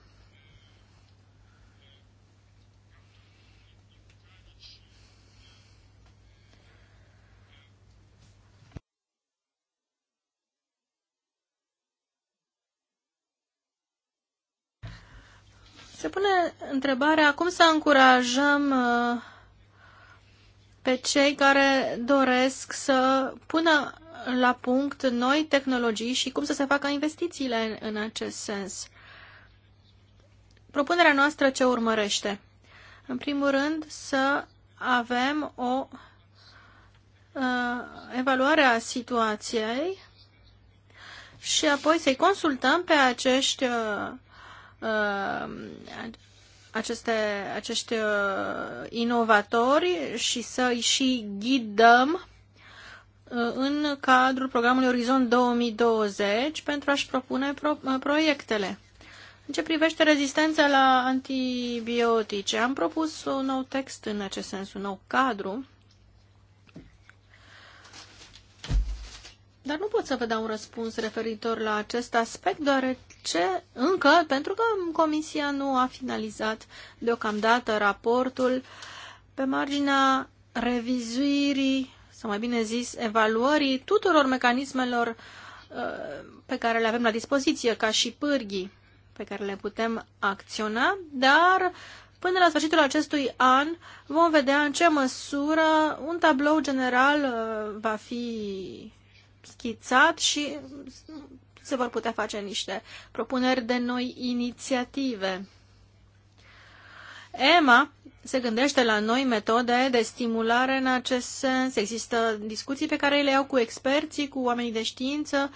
Se pune întrebarea cum să încurajăm uh, pe cei care doresc să pună la punct noi tehnologii și cum să se facă investițiile în acest sens. Propunerea noastră ce urmărește? În primul rând, să avem o uh, evaluare a situației și apoi să-i consultăm pe acești uh, Uh, aceste, acești uh, inovatori și să îi și ghidăm uh, în cadrul programului Orizont 2020 pentru a-și propune pro proiectele. În ce privește rezistența la antibiotice, am propus un nou text în acest sens, un nou cadru Dar nu pot să vă dau un răspuns referitor la acest aspect, deoarece încă, pentru că Comisia nu a finalizat deocamdată raportul pe marginea revizuirii, sau mai bine zis, evaluării tuturor mecanismelor uh, pe care le avem la dispoziție, ca și pârghii pe care le putem acționa, dar Până la sfârșitul acestui an vom vedea în ce măsură un tablou general uh, va fi schițat și se vor putea face niște propuneri de noi inițiative. Emma se gândește la noi metode de stimulare în acest sens. Există discuții pe care le iau cu experții, cu oamenii de știință,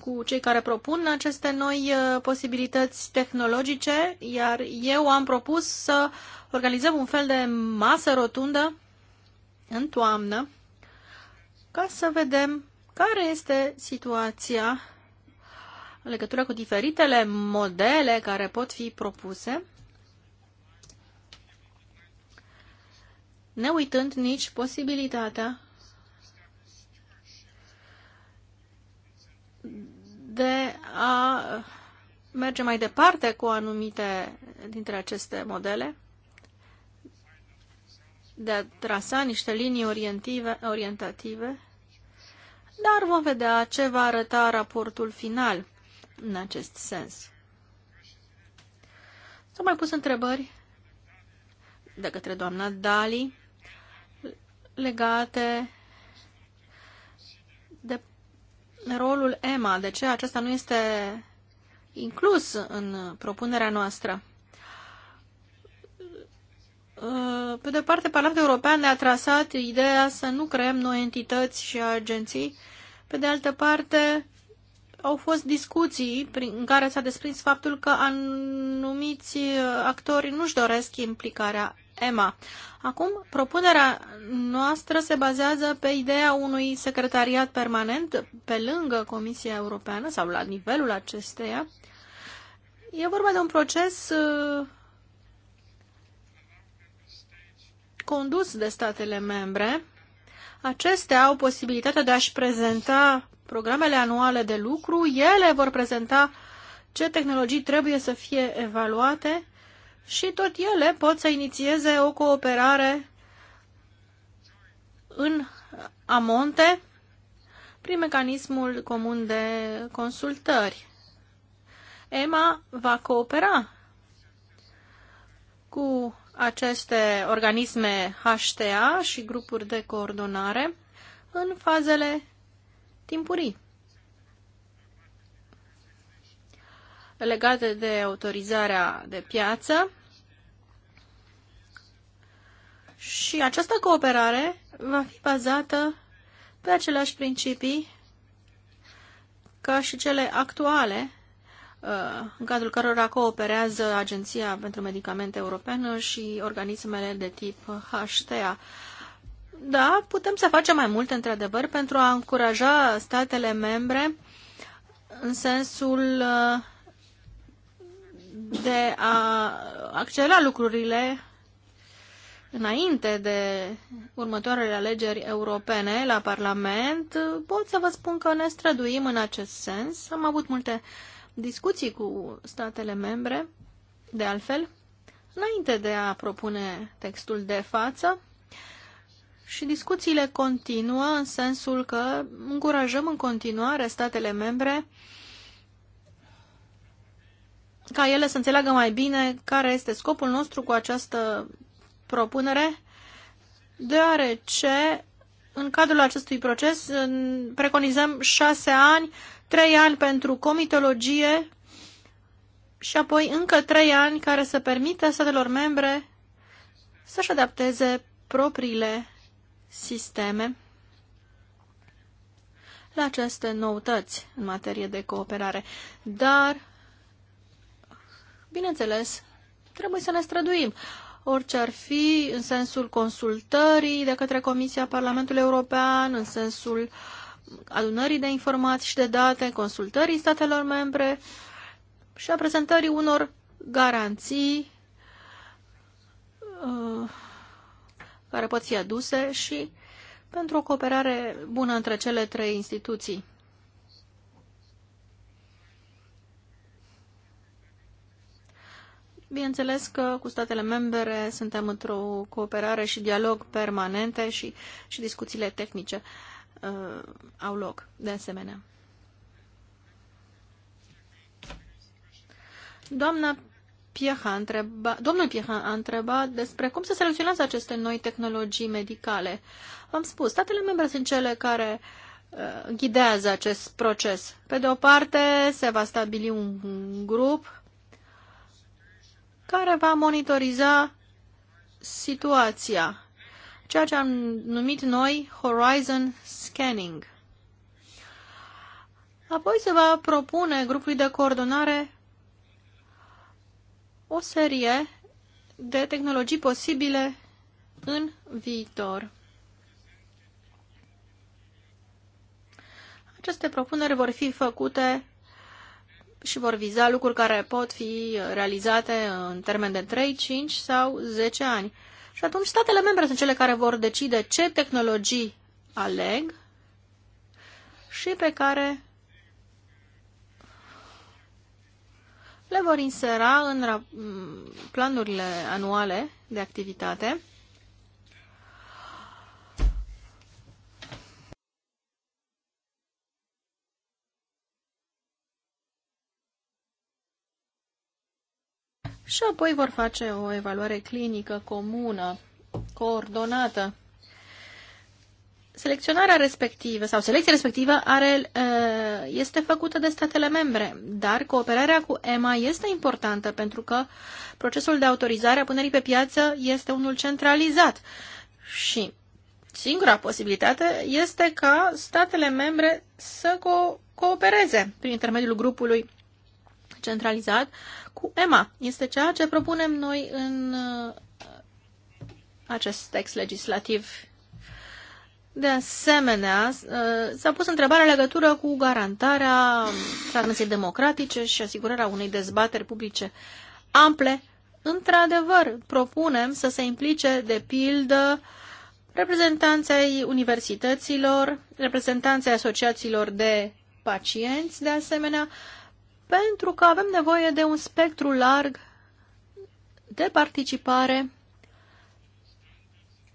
cu cei care propun aceste noi uh, posibilități tehnologice, iar eu am propus să organizăm un fel de masă rotundă în toamnă ca să vedem care este situația în legătură cu diferitele modele care pot fi propuse, ne uitând nici posibilitatea de a merge mai departe cu anumite dintre aceste modele, de a trasa niște linii orientative, orientative dar vom vedea ce va arăta raportul final în acest sens. S-au mai pus întrebări de către doamna Dali legate de rolul EMA, de ce acesta nu este inclus în propunerea noastră. Uh, pe de parte, Parlamentul European ne-a trasat ideea să nu creăm noi entități și agenții. Pe de altă parte, au fost discuții prin, în care s-a desprins faptul că anumiți actori nu-și doresc implicarea EMA. Acum, propunerea noastră se bazează pe ideea unui secretariat permanent pe lângă Comisia Europeană sau la nivelul acesteia. E vorba de un proces uh, condus de statele membre, acestea au posibilitatea de a-și prezenta programele anuale de lucru, ele vor prezenta ce tehnologii trebuie să fie evaluate și tot ele pot să inițieze o cooperare în amonte prin mecanismul comun de consultări. EMA va coopera cu aceste organisme HTA și grupuri de coordonare în fazele timpurii legate de autorizarea de piață și această cooperare va fi bazată pe aceleași principii ca și cele actuale Uh, în cadrul cărora cooperează Agenția pentru Medicamente Europeană și organismele de tip HTA. Da, putem să facem mai mult, într-adevăr, pentru a încuraja statele membre în sensul uh, de a accelera lucrurile înainte de următoarele alegeri europene la Parlament, pot să vă spun că ne străduim în acest sens. Am avut multe discuții cu statele membre, de altfel, înainte de a propune textul de față și discuțiile continuă în sensul că încurajăm în continuare statele membre ca ele să înțeleagă mai bine care este scopul nostru cu această propunere, deoarece în cadrul acestui proces preconizăm șase ani trei ani pentru comitologie și apoi încă trei ani care să permită statelor membre să-și adapteze propriile sisteme la aceste noutăți în materie de cooperare. Dar, bineînțeles, trebuie să ne străduim. Orice ar fi, în sensul consultării de către Comisia Parlamentului European, în sensul uh, adunării de informații și de date, consultării statelor membre și a prezentării unor garanții uh, care pot fi aduse și pentru o cooperare bună între cele trei instituții. Bineînțeles că cu statele membre suntem într-o cooperare și dialog permanente și, și discuțiile tehnice. Uh, uh, au loc, de asemenea. Doamna Pieha a întreba, domnul Pieha a întrebat despre cum se selecționează aceste noi tehnologii medicale. Am spus, statele membre sunt cele care uh, ghidează acest proces. Pe de o parte, se va stabili un grup care va monitoriza situația ceea ce am numit noi Horizon Scanning. Apoi se va propune grupului de coordonare o serie de tehnologii posibile în viitor. Aceste propuneri vor fi făcute și vor viza lucruri care pot fi realizate în termen de 3, 5 sau 10 ani. Și atunci statele membre sunt cele care vor decide ce tehnologii aleg și pe care le vor insera în planurile anuale de activitate și apoi vor face o evaluare clinică comună, coordonată. Selecționarea respectivă sau selecția respectivă are, este făcută de statele membre, dar cooperarea cu EMA este importantă pentru că procesul de autorizare a punerii pe piață este unul centralizat și singura posibilitate este ca statele membre să co- coopereze prin intermediul grupului centralizat cu EMA. Este ceea ce propunem noi în uh, acest text legislativ. De asemenea, uh, s-a pus întrebarea legătură cu garantarea transmisiei democratice și asigurarea unei dezbateri publice ample. Într-adevăr, propunem să se implice, de pildă, reprezentanții universităților, reprezentanții asociațiilor de pacienți, de asemenea, pentru că avem nevoie de un spectru larg de participare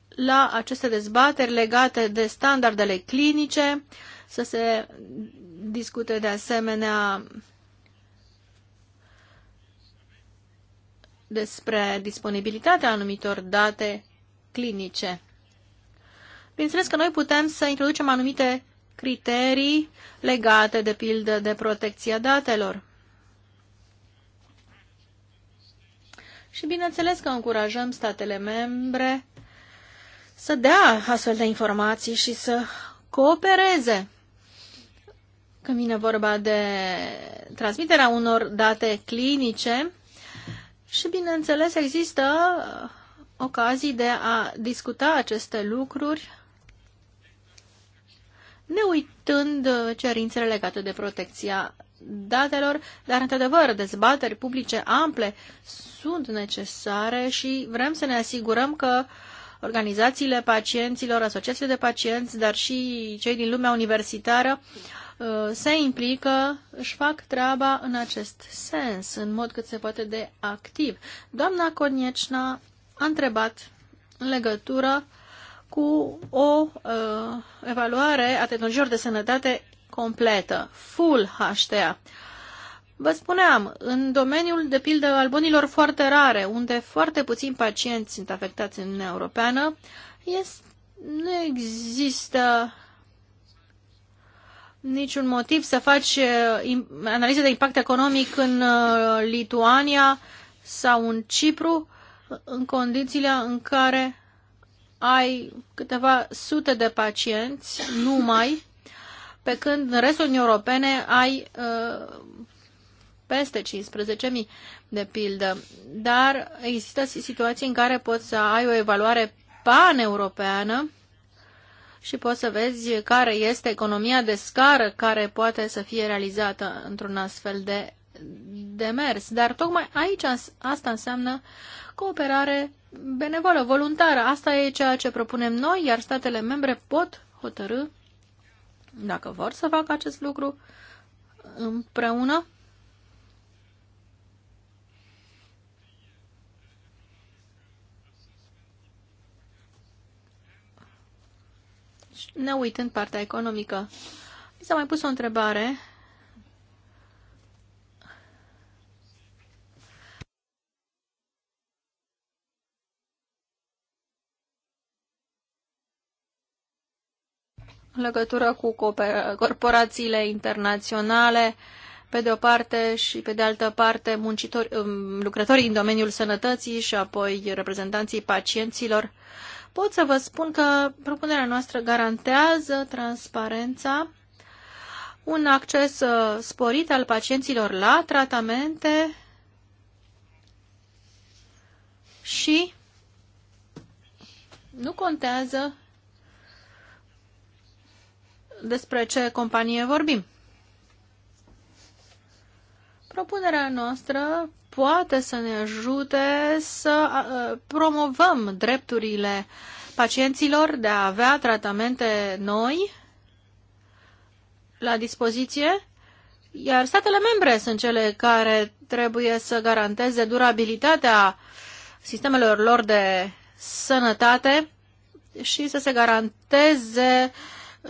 la aceste dezbateri legate de standardele clinice, să se discute de asemenea despre disponibilitatea anumitor date clinice. Bineînțeles că noi putem să introducem anumite criterii legate, de pildă, de protecția datelor. Și bineînțeles că încurajăm statele membre să dea astfel de informații și să coopereze când vine vorba de transmiterea unor date clinice și, bineînțeles, există ocazii de a discuta aceste lucruri ne uitând uh, cerințele legate de protecția datelor, dar, într-adevăr, dezbateri publice ample sunt necesare și vrem să ne asigurăm că organizațiile pacienților, asociațiile de pacienți, dar și cei din lumea universitară uh, se implică, își fac treaba în acest sens, în mod cât se poate de activ. Doamna Coniecna a întrebat în legătură cu o uh, evaluare a tehnologiilor de sănătate completă, full HTA. Vă spuneam, în domeniul de pildă al bolilor foarte rare, unde foarte puțini pacienți sunt afectați în Uniunea Europeană, este, nu există niciun motiv să faci uh, analize de impact economic în uh, Lituania sau în Cipru, în condițiile în care ai câteva sute de pacienți numai, pe când în restul Uniunii Europene ai uh, peste 15.000 de pildă. Dar există situații în care poți să ai o evaluare paneuropeană și poți să vezi care este economia de scară care poate să fie realizată într-un astfel de demers. Dar tocmai aici asta înseamnă cooperare benevolă, voluntară. Asta e ceea ce propunem noi, iar statele membre pot hotărâ dacă vor să facă acest lucru împreună. Ne uitând partea economică, mi s-a mai pus o întrebare legătură cu corporațiile internaționale, pe de o parte și pe de altă parte muncitori, um, lucrătorii în domeniul sănătății și apoi reprezentanții pacienților, pot să vă spun că propunerea noastră garantează transparența, un acces uh, sporit al pacienților la tratamente și nu contează despre ce companie vorbim. Propunerea noastră poate să ne ajute să promovăm drepturile pacienților de a avea tratamente noi la dispoziție, iar statele membre sunt cele care trebuie să garanteze durabilitatea sistemelor lor de sănătate și să se garanteze uh,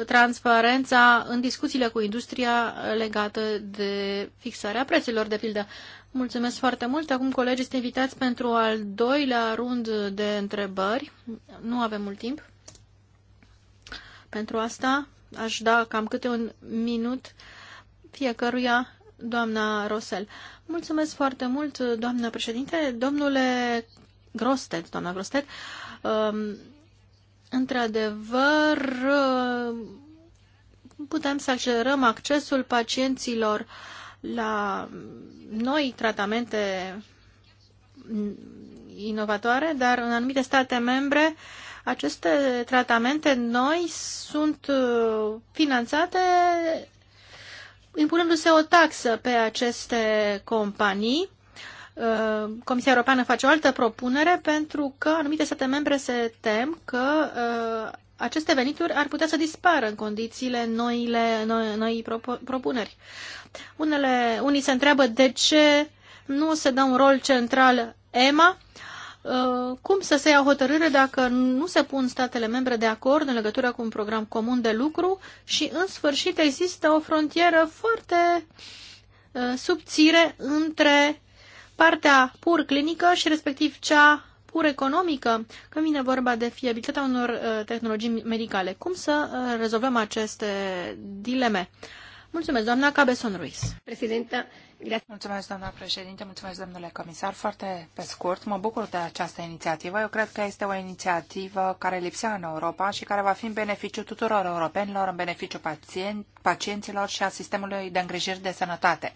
transparența în discuțiile cu industria legată de fixarea prețurilor, de pildă. Mulțumesc foarte mult. Acum, colegi, este invitați pentru al doilea rund de întrebări. Nu avem mult timp. Pentru asta aș da cam câte un minut fiecăruia doamna Rosel. Mulțumesc foarte mult, doamna președinte. Domnule Grostet, doamna Grostet, um, într-adevăr, uh, putem să accelerăm accesul pacienților la noi tratamente inovatoare, dar în anumite state membre aceste tratamente noi sunt uh, finanțate impunându-se o taxă pe aceste companii Uh, Comisia Europeană face o altă propunere pentru că anumite state membre se tem că uh, aceste venituri ar putea să dispară în condițiile noile, noi, noi propuneri. Unele, unii se întreabă de ce nu se dă un rol central EMA, uh, cum să se ia hotărâre dacă nu se pun statele membre de acord în legătură cu un program comun de lucru și, în sfârșit, există o frontieră foarte subțire între partea pur clinică și respectiv cea pur economică când vine vorba de fiabilitatea unor uh, tehnologii medicale. Cum să uh, rezolvăm aceste dileme? Mulțumesc, doamna Cabeson Ruiz. Președinte. Mulțumesc, doamna președinte, mulțumesc, domnule comisar. Foarte pe scurt, mă bucur de această inițiativă. Eu cred că este o inițiativă care lipsea în Europa și care va fi în beneficiu tuturor europenilor, în beneficiu pacienților și a sistemului de îngrijiri de sănătate.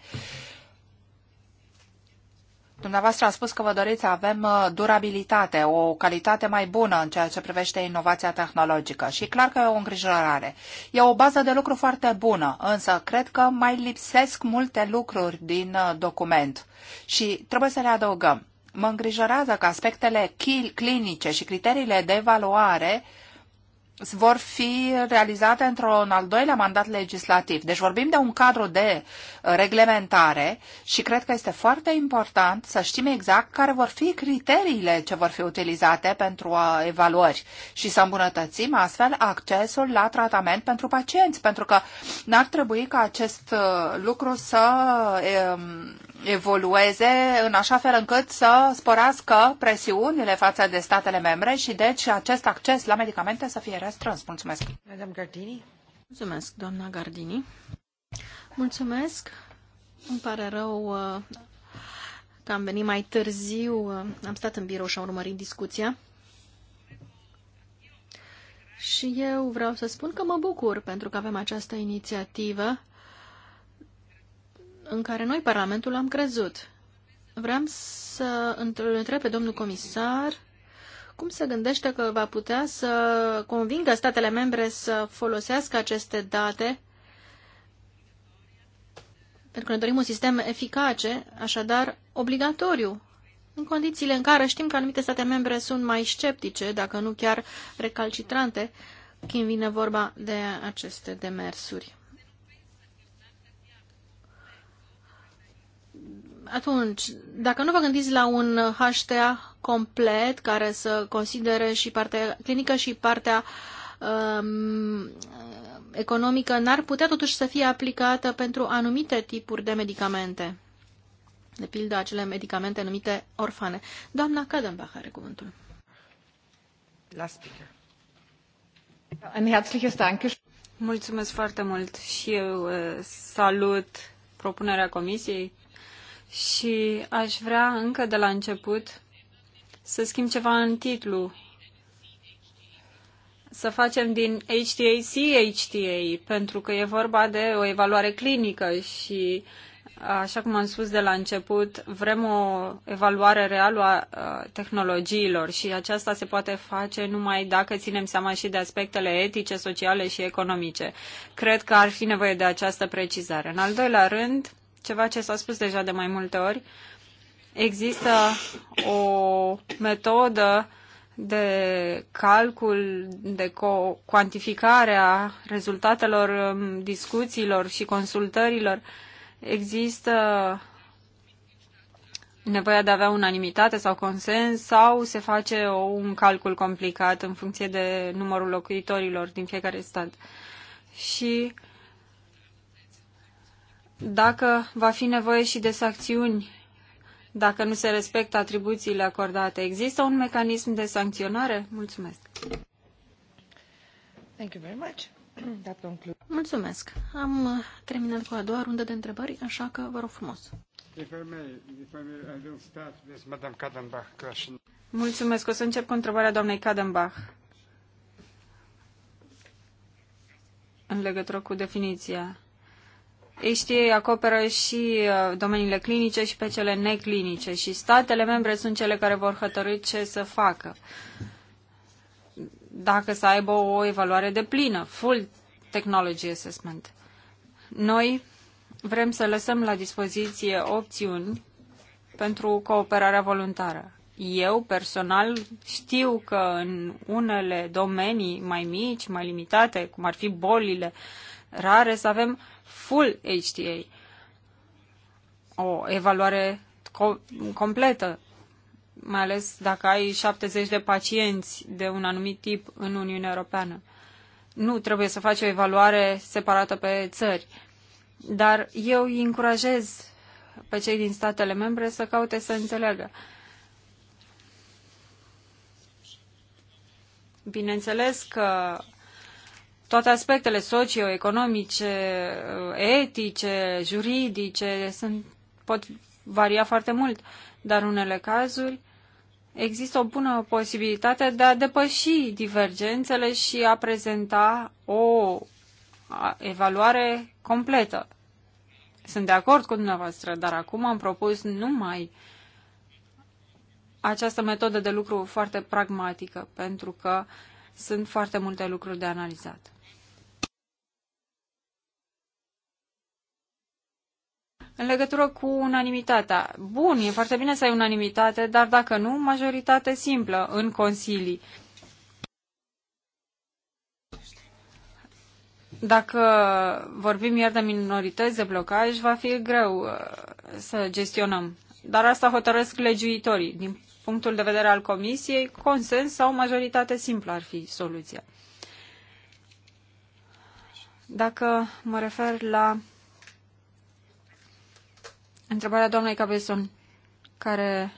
Dumneavoastră a spus că vă doriți să avem uh, durabilitate, o calitate mai bună în ceea ce privește inovația tehnologică și clar că e o îngrijorare. E o bază de lucru foarte bună, însă cred că mai lipsesc multe lucruri din uh, document și trebuie să le adăugăm. Mă îngrijorează că aspectele clinice și criteriile de evaluare uh, vor fi realizate într-un al doilea mandat legislativ. Deci vorbim de un cadru de uh, reglementare și cred că este foarte important să știm exact care vor fi criteriile ce vor fi utilizate pentru uh, evaluări și să îmbunătățim astfel accesul la tratament pentru pacienți, pentru că n-ar trebui ca acest uh, lucru să evolueze în așa fel încât să sporească presiunile față de statele membre și deci acest acces la medicamente să fie restrâns. Mulțumesc. Madame Gardini. Mulțumesc, doamna Gardini. Mulțumesc. Îmi pare rău uh, că am venit mai târziu. Uh, am stat în birou și am urmărit discuția. Și eu vreau să spun că mă bucur pentru că avem această inițiativă în care noi, Parlamentul, am crezut. Vreau să îl întreb pe domnul comisar cum se gândește că va putea să convingă statele membre să folosească aceste date pentru că ne dorim un sistem eficace, așadar obligatoriu, în condițiile în care știm că anumite state membre sunt mai sceptice, dacă nu chiar recalcitrante, când vine vorba de aceste demersuri. Atunci, dacă nu vă gândiți la un HTA complet care să considere și partea clinică și partea um, economică, n-ar putea totuși să fie aplicată pentru anumite tipuri de medicamente. De pildă, acele medicamente numite orfane. Doamna Kadenbach are cuvântul. La speaker. Ein herzliches Dankeschön. Mulțumesc foarte mult și eu uh, salut propunerea Comisiei și aș vrea încă de la început să schimb ceva în titlu. Să facem din HTA CHTA, pentru că e vorba de o evaluare clinică și, așa cum am spus de la început, vrem o evaluare reală a tehnologiilor și aceasta se poate face numai dacă ținem seama și de aspectele etice, sociale și economice. Cred că ar fi nevoie de această precizare. În al doilea rând, ceva ce s-a spus deja de mai multe ori. Există o metodă de calcul, de co- cuantificare a rezultatelor um, discuțiilor și consultărilor. Există nevoia de a avea unanimitate sau consens sau se face o, un calcul complicat în funcție de numărul locuitorilor din fiecare stat. Și uh, dacă va fi nevoie și de sancțiuni dacă nu se respectă atribuțiile acordate. Există un mecanism de sancționare? Mulțumesc. Thank you very much. That Mulțumesc. Am uh, terminat cu a doua rundă de întrebări, așa că vă rog frumos. Mulțumesc. O să încep cu întrebarea doamnei Kadenbach. În legătură cu definiția știe, acoperă și uh, domeniile clinice și pe cele neclinice și statele membre sunt cele care vor hotărâi ce să facă. Dacă să aibă o evaluare de plină, full technology assessment. Noi vrem să lăsăm la dispoziție opțiuni pentru cooperarea voluntară. Eu, personal, știu că în unele domenii mai mici, mai limitate, cum ar fi bolile, uh, rare să avem full HTA, o evaluare co- completă, mai ales dacă ai 70 de pacienți de un anumit tip în Uniunea Europeană. Nu trebuie să faci o evaluare separată pe țări, dar eu îi încurajez pe cei din statele membre să caute să înțeleagă. Bineînțeles că toate aspectele socioeconomice, etice, juridice, sunt, pot varia foarte mult, dar în unele cazuri există o bună posibilitate de a depăși divergențele și a prezenta o evaluare completă. Sunt de acord cu dumneavoastră, dar acum am propus numai această metodă de lucru foarte pragmatică, pentru că sunt foarte multe lucruri de analizat. În legătură cu unanimitatea. Bun, e foarte bine să ai unanimitate, dar dacă nu, majoritate simplă în consilii. Dacă vorbim iar de minorități, de blocaj, va fi greu uh, să gestionăm. Dar asta hotărăsc legiuitorii. Din punctul de vedere al Comisiei, consens sau majoritate simplă ar fi soluția. Dacă mă refer la întrebarea doamnei Cabezon, care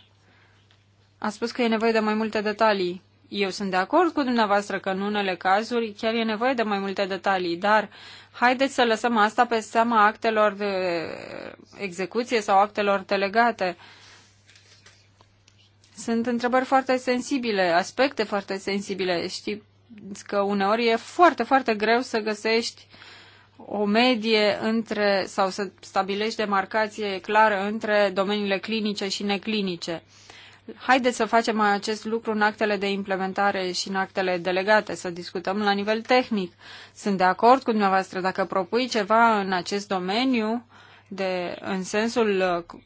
a spus că e nevoie de mai multe detalii. Eu sunt de acord cu dumneavoastră că în unele cazuri chiar e nevoie de mai multe detalii, dar haideți să lăsăm asta pe seama actelor de execuție sau actelor delegate. Sunt întrebări foarte sensibile, aspecte foarte sensibile. Știți că uneori e foarte, foarte greu să găsești uh, o medie între, sau să stabilești demarcație clară între domeniile clinice și neclinice. Haideți să facem acest lucru în actele de implementare și în actele delegate, să discutăm la nivel tehnic. Sunt de acord cu dumneavoastră dacă propui ceva în acest domeniu, de, în sensul uh,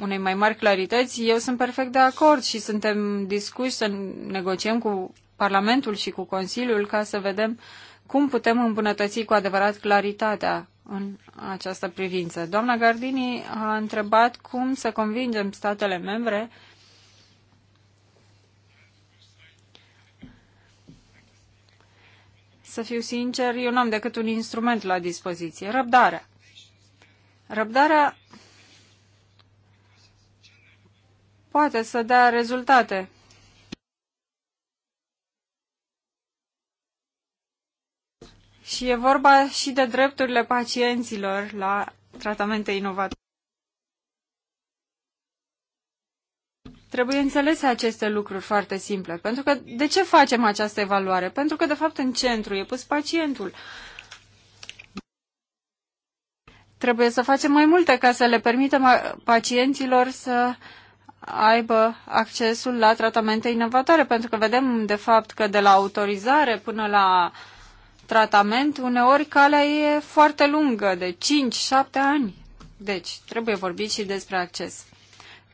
unei mai mari clarități, eu sunt perfect de acord și suntem discuși să negociem cu Parlamentul și cu Consiliul ca să vedem uh, cum putem îmbunătăți cu adevărat claritatea în această privință. Doamna Gardini a întrebat cum să convingem statele membre Să fiu sincer, eu nu am decât un instrument la dispoziție, răbdarea. Răbdarea poate să dea rezultate Și e vorba și de drepturile pacienților la tratamente inovatoare. Trebuie înțelese aceste lucruri foarte simple. Pentru că de ce facem această evaluare? Pentru că, de fapt, în centru e pus pacientul. Trebuie să facem mai multe ca să le permitem pacienților să aibă accesul la tratamente inovatoare, pentru că vedem, de fapt, că de la autorizare până la uh, tratament, uneori calea e foarte lungă, de 5-7 ani. Deci, trebuie vorbit și despre acces.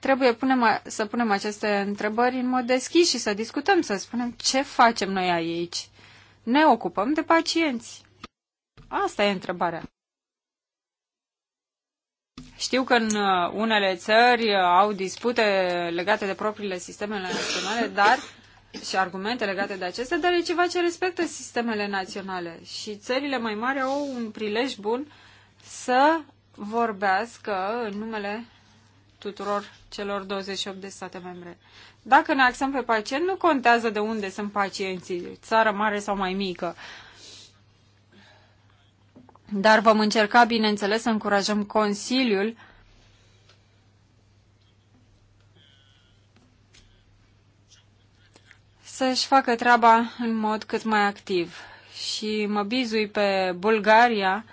Trebuie punem, să punem aceste întrebări în mod deschis și să discutăm, să spunem ce facem noi aici. Ne ocupăm de pacienți. Asta e întrebarea. Știu că în uh, unele țări uh, au dispute legate de propriile sisteme naționale, dar și argumente legate de acestea, dar e ceva ce respectă sistemele naționale și țările mai mari au un prilej bun să vorbească în numele tuturor celor 28 de state membre. Dacă ne axăm pe pacient, nu contează de unde sunt pacienții, țară mare sau mai mică. Dar vom încerca, bineînțeles, să încurajăm Consiliul uh, să-și facă treaba în mod cât mai activ și mă bizui pe Bulgaria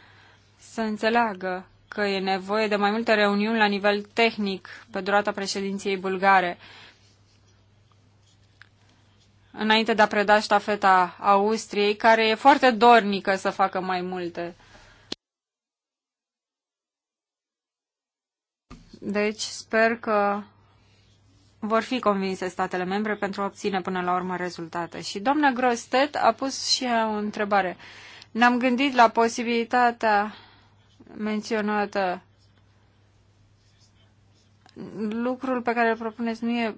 să înțeleagă că e nevoie de mai multe reuniuni la nivel tehnic pe durata președinției bulgare. Înainte de a preda ștafeta Austriei, care e foarte dornică să facă mai multe. Deci sper că vor fi convinse statele membre pentru a obține până la urmă rezultate. Și doamna Grostet a pus și o întrebare. Ne-am gândit la posibilitatea menționată. Lucrul pe care îl propuneți nu e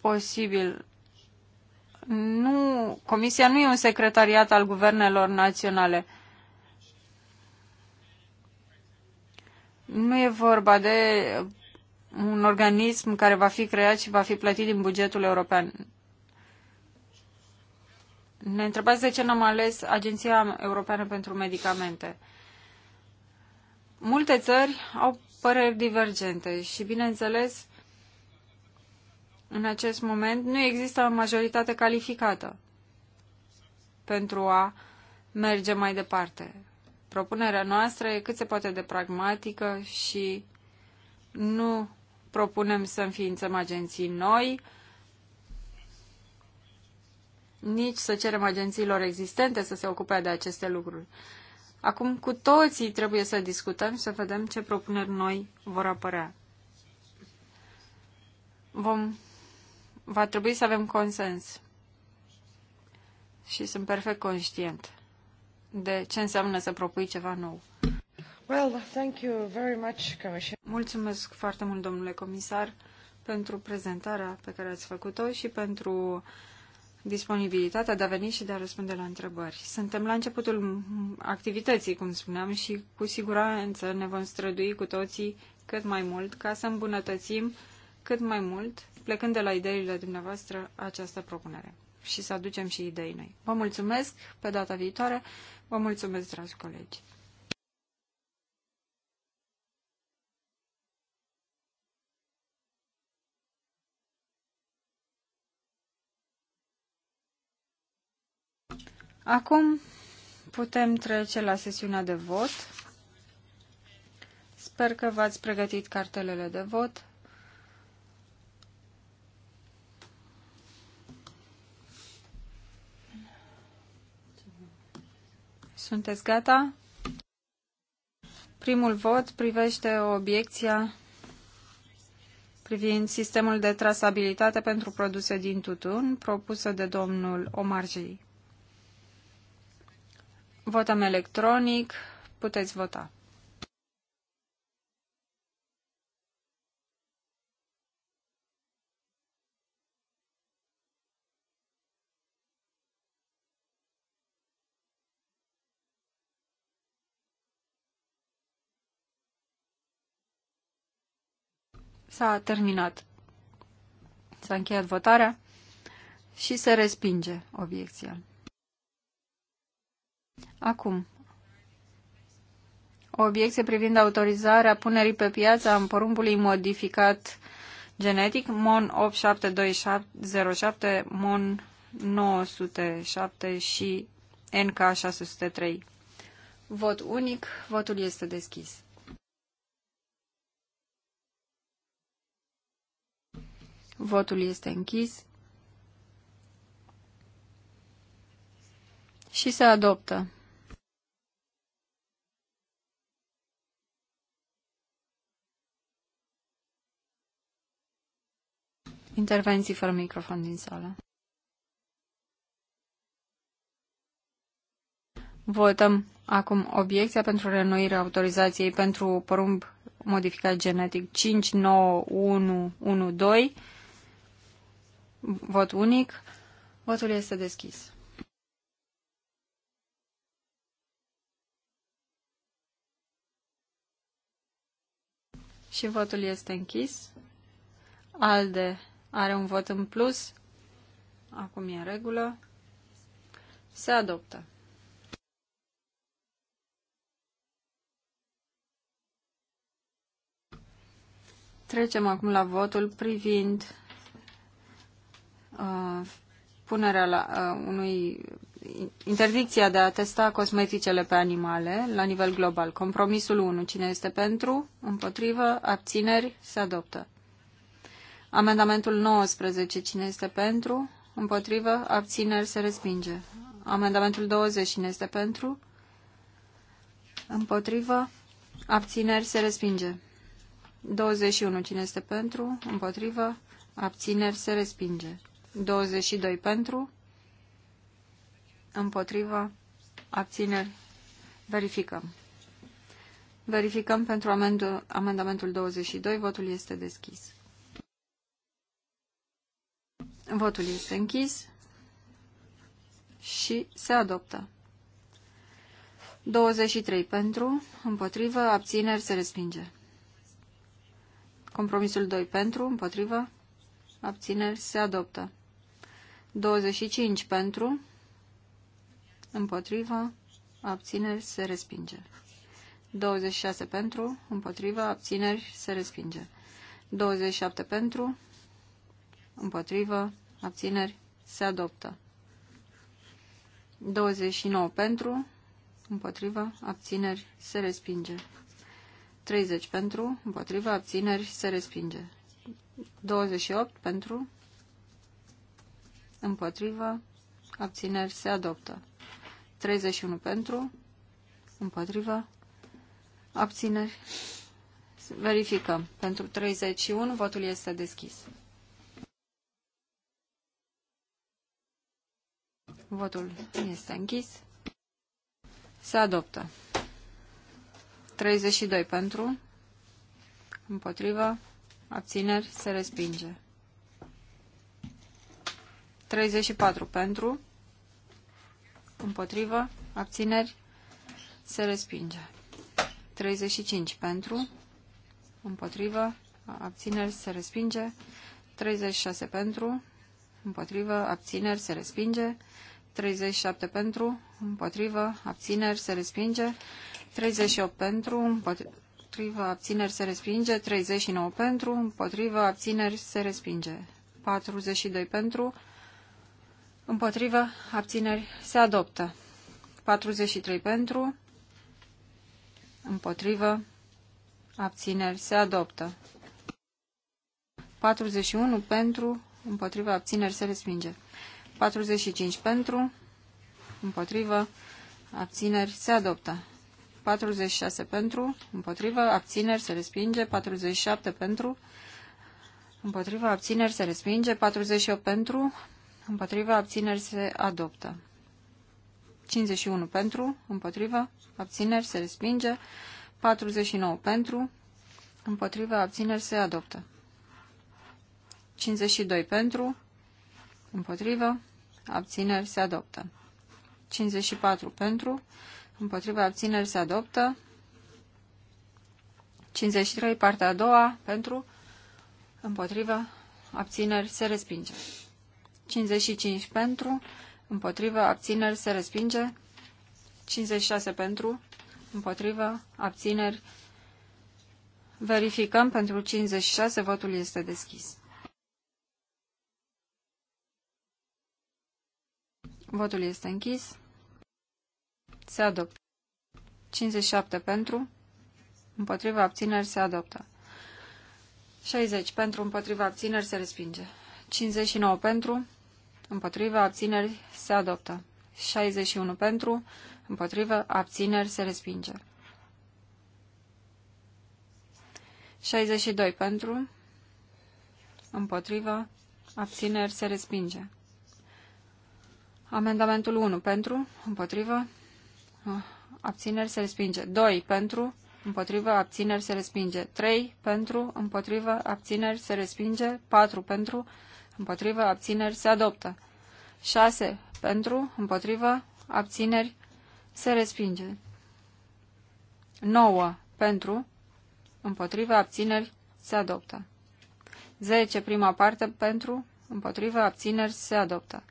posibil. Nu, Comisia nu e un secretariat al guvernelor naționale. Nu e vorba de un organism care va fi creat și va fi plătit din bugetul european. Ne întrebați de ce n-am ales Agenția Europeană pentru Medicamente. Multe țări au păreri divergente și, bineînțeles, în acest moment nu există o majoritate calificată pentru a merge mai departe. Propunerea noastră e cât se poate de pragmatică și nu propunem să înființăm agenții noi, nici să cerem agențiilor existente să se ocupe de aceste lucruri. Acum cu toții trebuie să discutăm și să vedem ce propuneri noi vor apărea. Vom, va trebui să avem consens. Și sunt perfect conștient de ce înseamnă să propui ceva nou. Well, thank you very much, Mulțumesc foarte mult, domnule comisar, pentru prezentarea pe care ați făcut-o și pentru disponibilitatea de a veni și de a răspunde la întrebări. Suntem la începutul activității, cum spuneam, și cu siguranță ne vom strădui cu toții cât mai mult ca să îmbunătățim cât mai mult, plecând de la ideile dumneavoastră, această propunere și să aducem și idei noi. Vă mulțumesc pe data viitoare, vă mulțumesc, dragi colegi! Acum putem trece la sesiunea de vot. Sper că v-ați pregătit cartelele de vot. Sunteți gata? Primul vot privește obiecția privind sistemul de trasabilitate pentru produse din tutun propusă de domnul Omarjei. Votăm electronic. Puteți vota. S-a terminat. S-a încheiat votarea și se respinge obiecția. Acum, o obiecție privind autorizarea punerii pe piață a porumbului modificat genetic MON 87207, MON 907 și NK 603. Vot unic, votul este deschis. Votul este închis. Și se adoptă. Intervenții fără microfon din sală. Votăm acum obiecția pentru renoirea autorizației pentru porumb modificat genetic 59112. Vot unic. Votul este deschis. Și votul este închis. ALDE are un vot în plus, acum e în regulă, se adoptă. Trecem acum la votul privind uh, punerea la, uh, unui interdicția de a testa cosmeticele pe animale la nivel global. Compromisul 1. Cine este pentru? Împotrivă? Abțineri? Se adoptă. Amendamentul 19. Cine este pentru? Împotrivă? Abțineri? Se respinge. Amendamentul 20. Cine este pentru? Împotrivă? Abțineri? Se respinge. 21. Cine este pentru? Împotrivă? Abțineri? Se respinge. 22. Pentru? Împotrivă? Abțineri? Verificăm. Verificăm pentru amendul, amendamentul 22. Votul este deschis. Votul este închis și se adoptă. 23 pentru, împotrivă, abțineri, se respinge. Compromisul 2 pentru, împotrivă, abțineri, se adoptă. 25 pentru, împotrivă, abțineri, se respinge. 26 pentru, împotrivă, abțineri, se respinge. 27 pentru, împotrivă, abțineri, se adoptă. 29 pentru, împotrivă, abțineri, se respinge. 30 pentru, împotrivă, abțineri, se respinge. 28 pentru, împotrivă, abțineri, se adoptă. 31 pentru, împotrivă, abțineri, verificăm. Pentru 31, votul este deschis. Votul este închis. Se adoptă. 32 pentru, împotrivă, abțineri, se respinge. 34 pentru, împotrivă, abțineri, se respinge. 35 pentru, împotrivă, abțineri, se respinge. 36 pentru, împotrivă, abțineri, se respinge. 37 pentru, împotrivă, abțineri, se respinge. 38 pentru, împotrivă, abțineri, se respinge. 39 pentru, împotrivă, abțineri, se respinge. 42 pentru, împotrivă, abțineri, se adoptă. 43 pentru, împotrivă, abțineri, se adoptă. 41 pentru, împotrivă, abțineri, se respinge. 45 pentru, împotrivă, abțineri, se adoptă. 46 pentru, împotrivă, abțineri, se respinge. 47 pentru, împotrivă, abțineri, se respinge. 48 pentru, împotrivă, abțineri, se adoptă. 51 pentru, împotrivă, abțineri, se respinge. 49 pentru, împotrivă, abțineri, se adoptă. 52 pentru, împotrivă, abțineri se adoptă. 54 pentru, împotriva abțineri se adoptă. 53 partea a doua pentru, împotriva abțineri se respinge. 55 pentru, împotriva abțineri se respinge. 56 pentru, împotriva abțineri Verificăm pentru 56, votul este deschis. Votul este închis. Se adoptă. 57 pentru. Împotriva abțineri se adoptă. 60 pentru. Împotriva abțineri se respinge. 59 pentru. Împotriva abțineri se adoptă. 61 pentru. Împotriva abțineri se respinge. 62 pentru. Împotriva abțineri se respinge. Amendamentul 1 ah, pentru, împotrivă, abțineri se respinge. 2 pentru, împotrivă, abțineri se respinge. 3 pentru, împotrivă, abțineri se respinge. 4 pentru, împotrivă, abțineri se adoptă. 6 pentru, împotrivă, abțineri se respinge. 9 pentru, împotrivă, abțineri se adoptă. 10 prima parte pentru, împotrivă, abțineri se adoptă.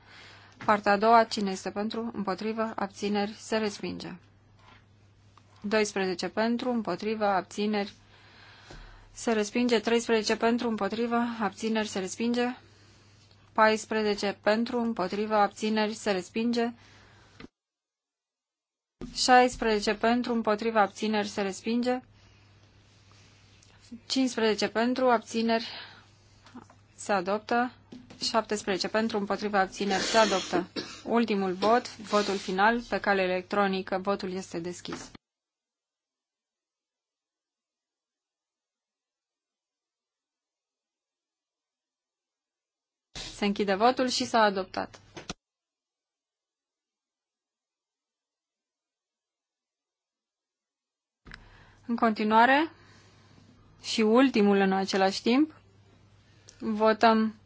Partea a doua, cine este pentru, împotrivă, abțineri, se respinge. 12 pentru, împotrivă, abțineri, se respinge. 13 pentru, împotrivă, abțineri, se respinge. 14 pentru, împotrivă, abțineri, se respinge. 16 pentru, împotriva abțineri se respinge. 15 pentru, abțineri se adoptă. 17 pentru, împotriva, abțineri, se adoptă. Ultimul vot, votul final, pe cale electronică, votul este deschis. Se închide votul și s-a adoptat. În continuare, și ultimul în același timp, votăm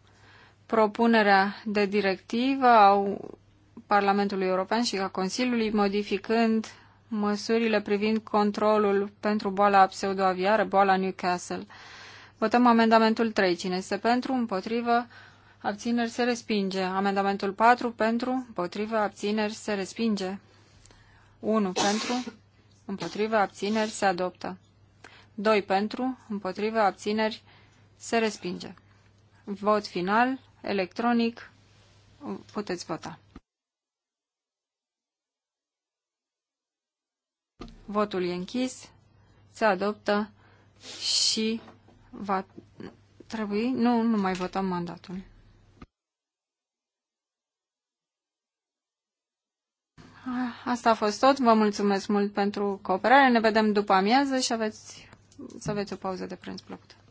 propunerea de directivă a Parlamentului European și a Consiliului, modificând măsurile privind controlul pentru boala pseudoaviară, boala Newcastle. Votăm amendamentul 3. Cine este pentru? Împotrivă? Abțineri se respinge. Amendamentul 4 pentru? Împotrivă? Abțineri se respinge. 1 pentru? Împotrivă? Abțineri se adoptă. 2 pentru? Împotrivă? Abțineri se respinge. Vot final electronic. Puteți vota. Votul e închis, se adoptă și va trebui... Nu, nu mai votăm mandatul. Asta a fost tot. Vă mulțumesc mult pentru cooperare. Ne vedem după amiază și aveți, să aveți o pauză de prânz plăcută.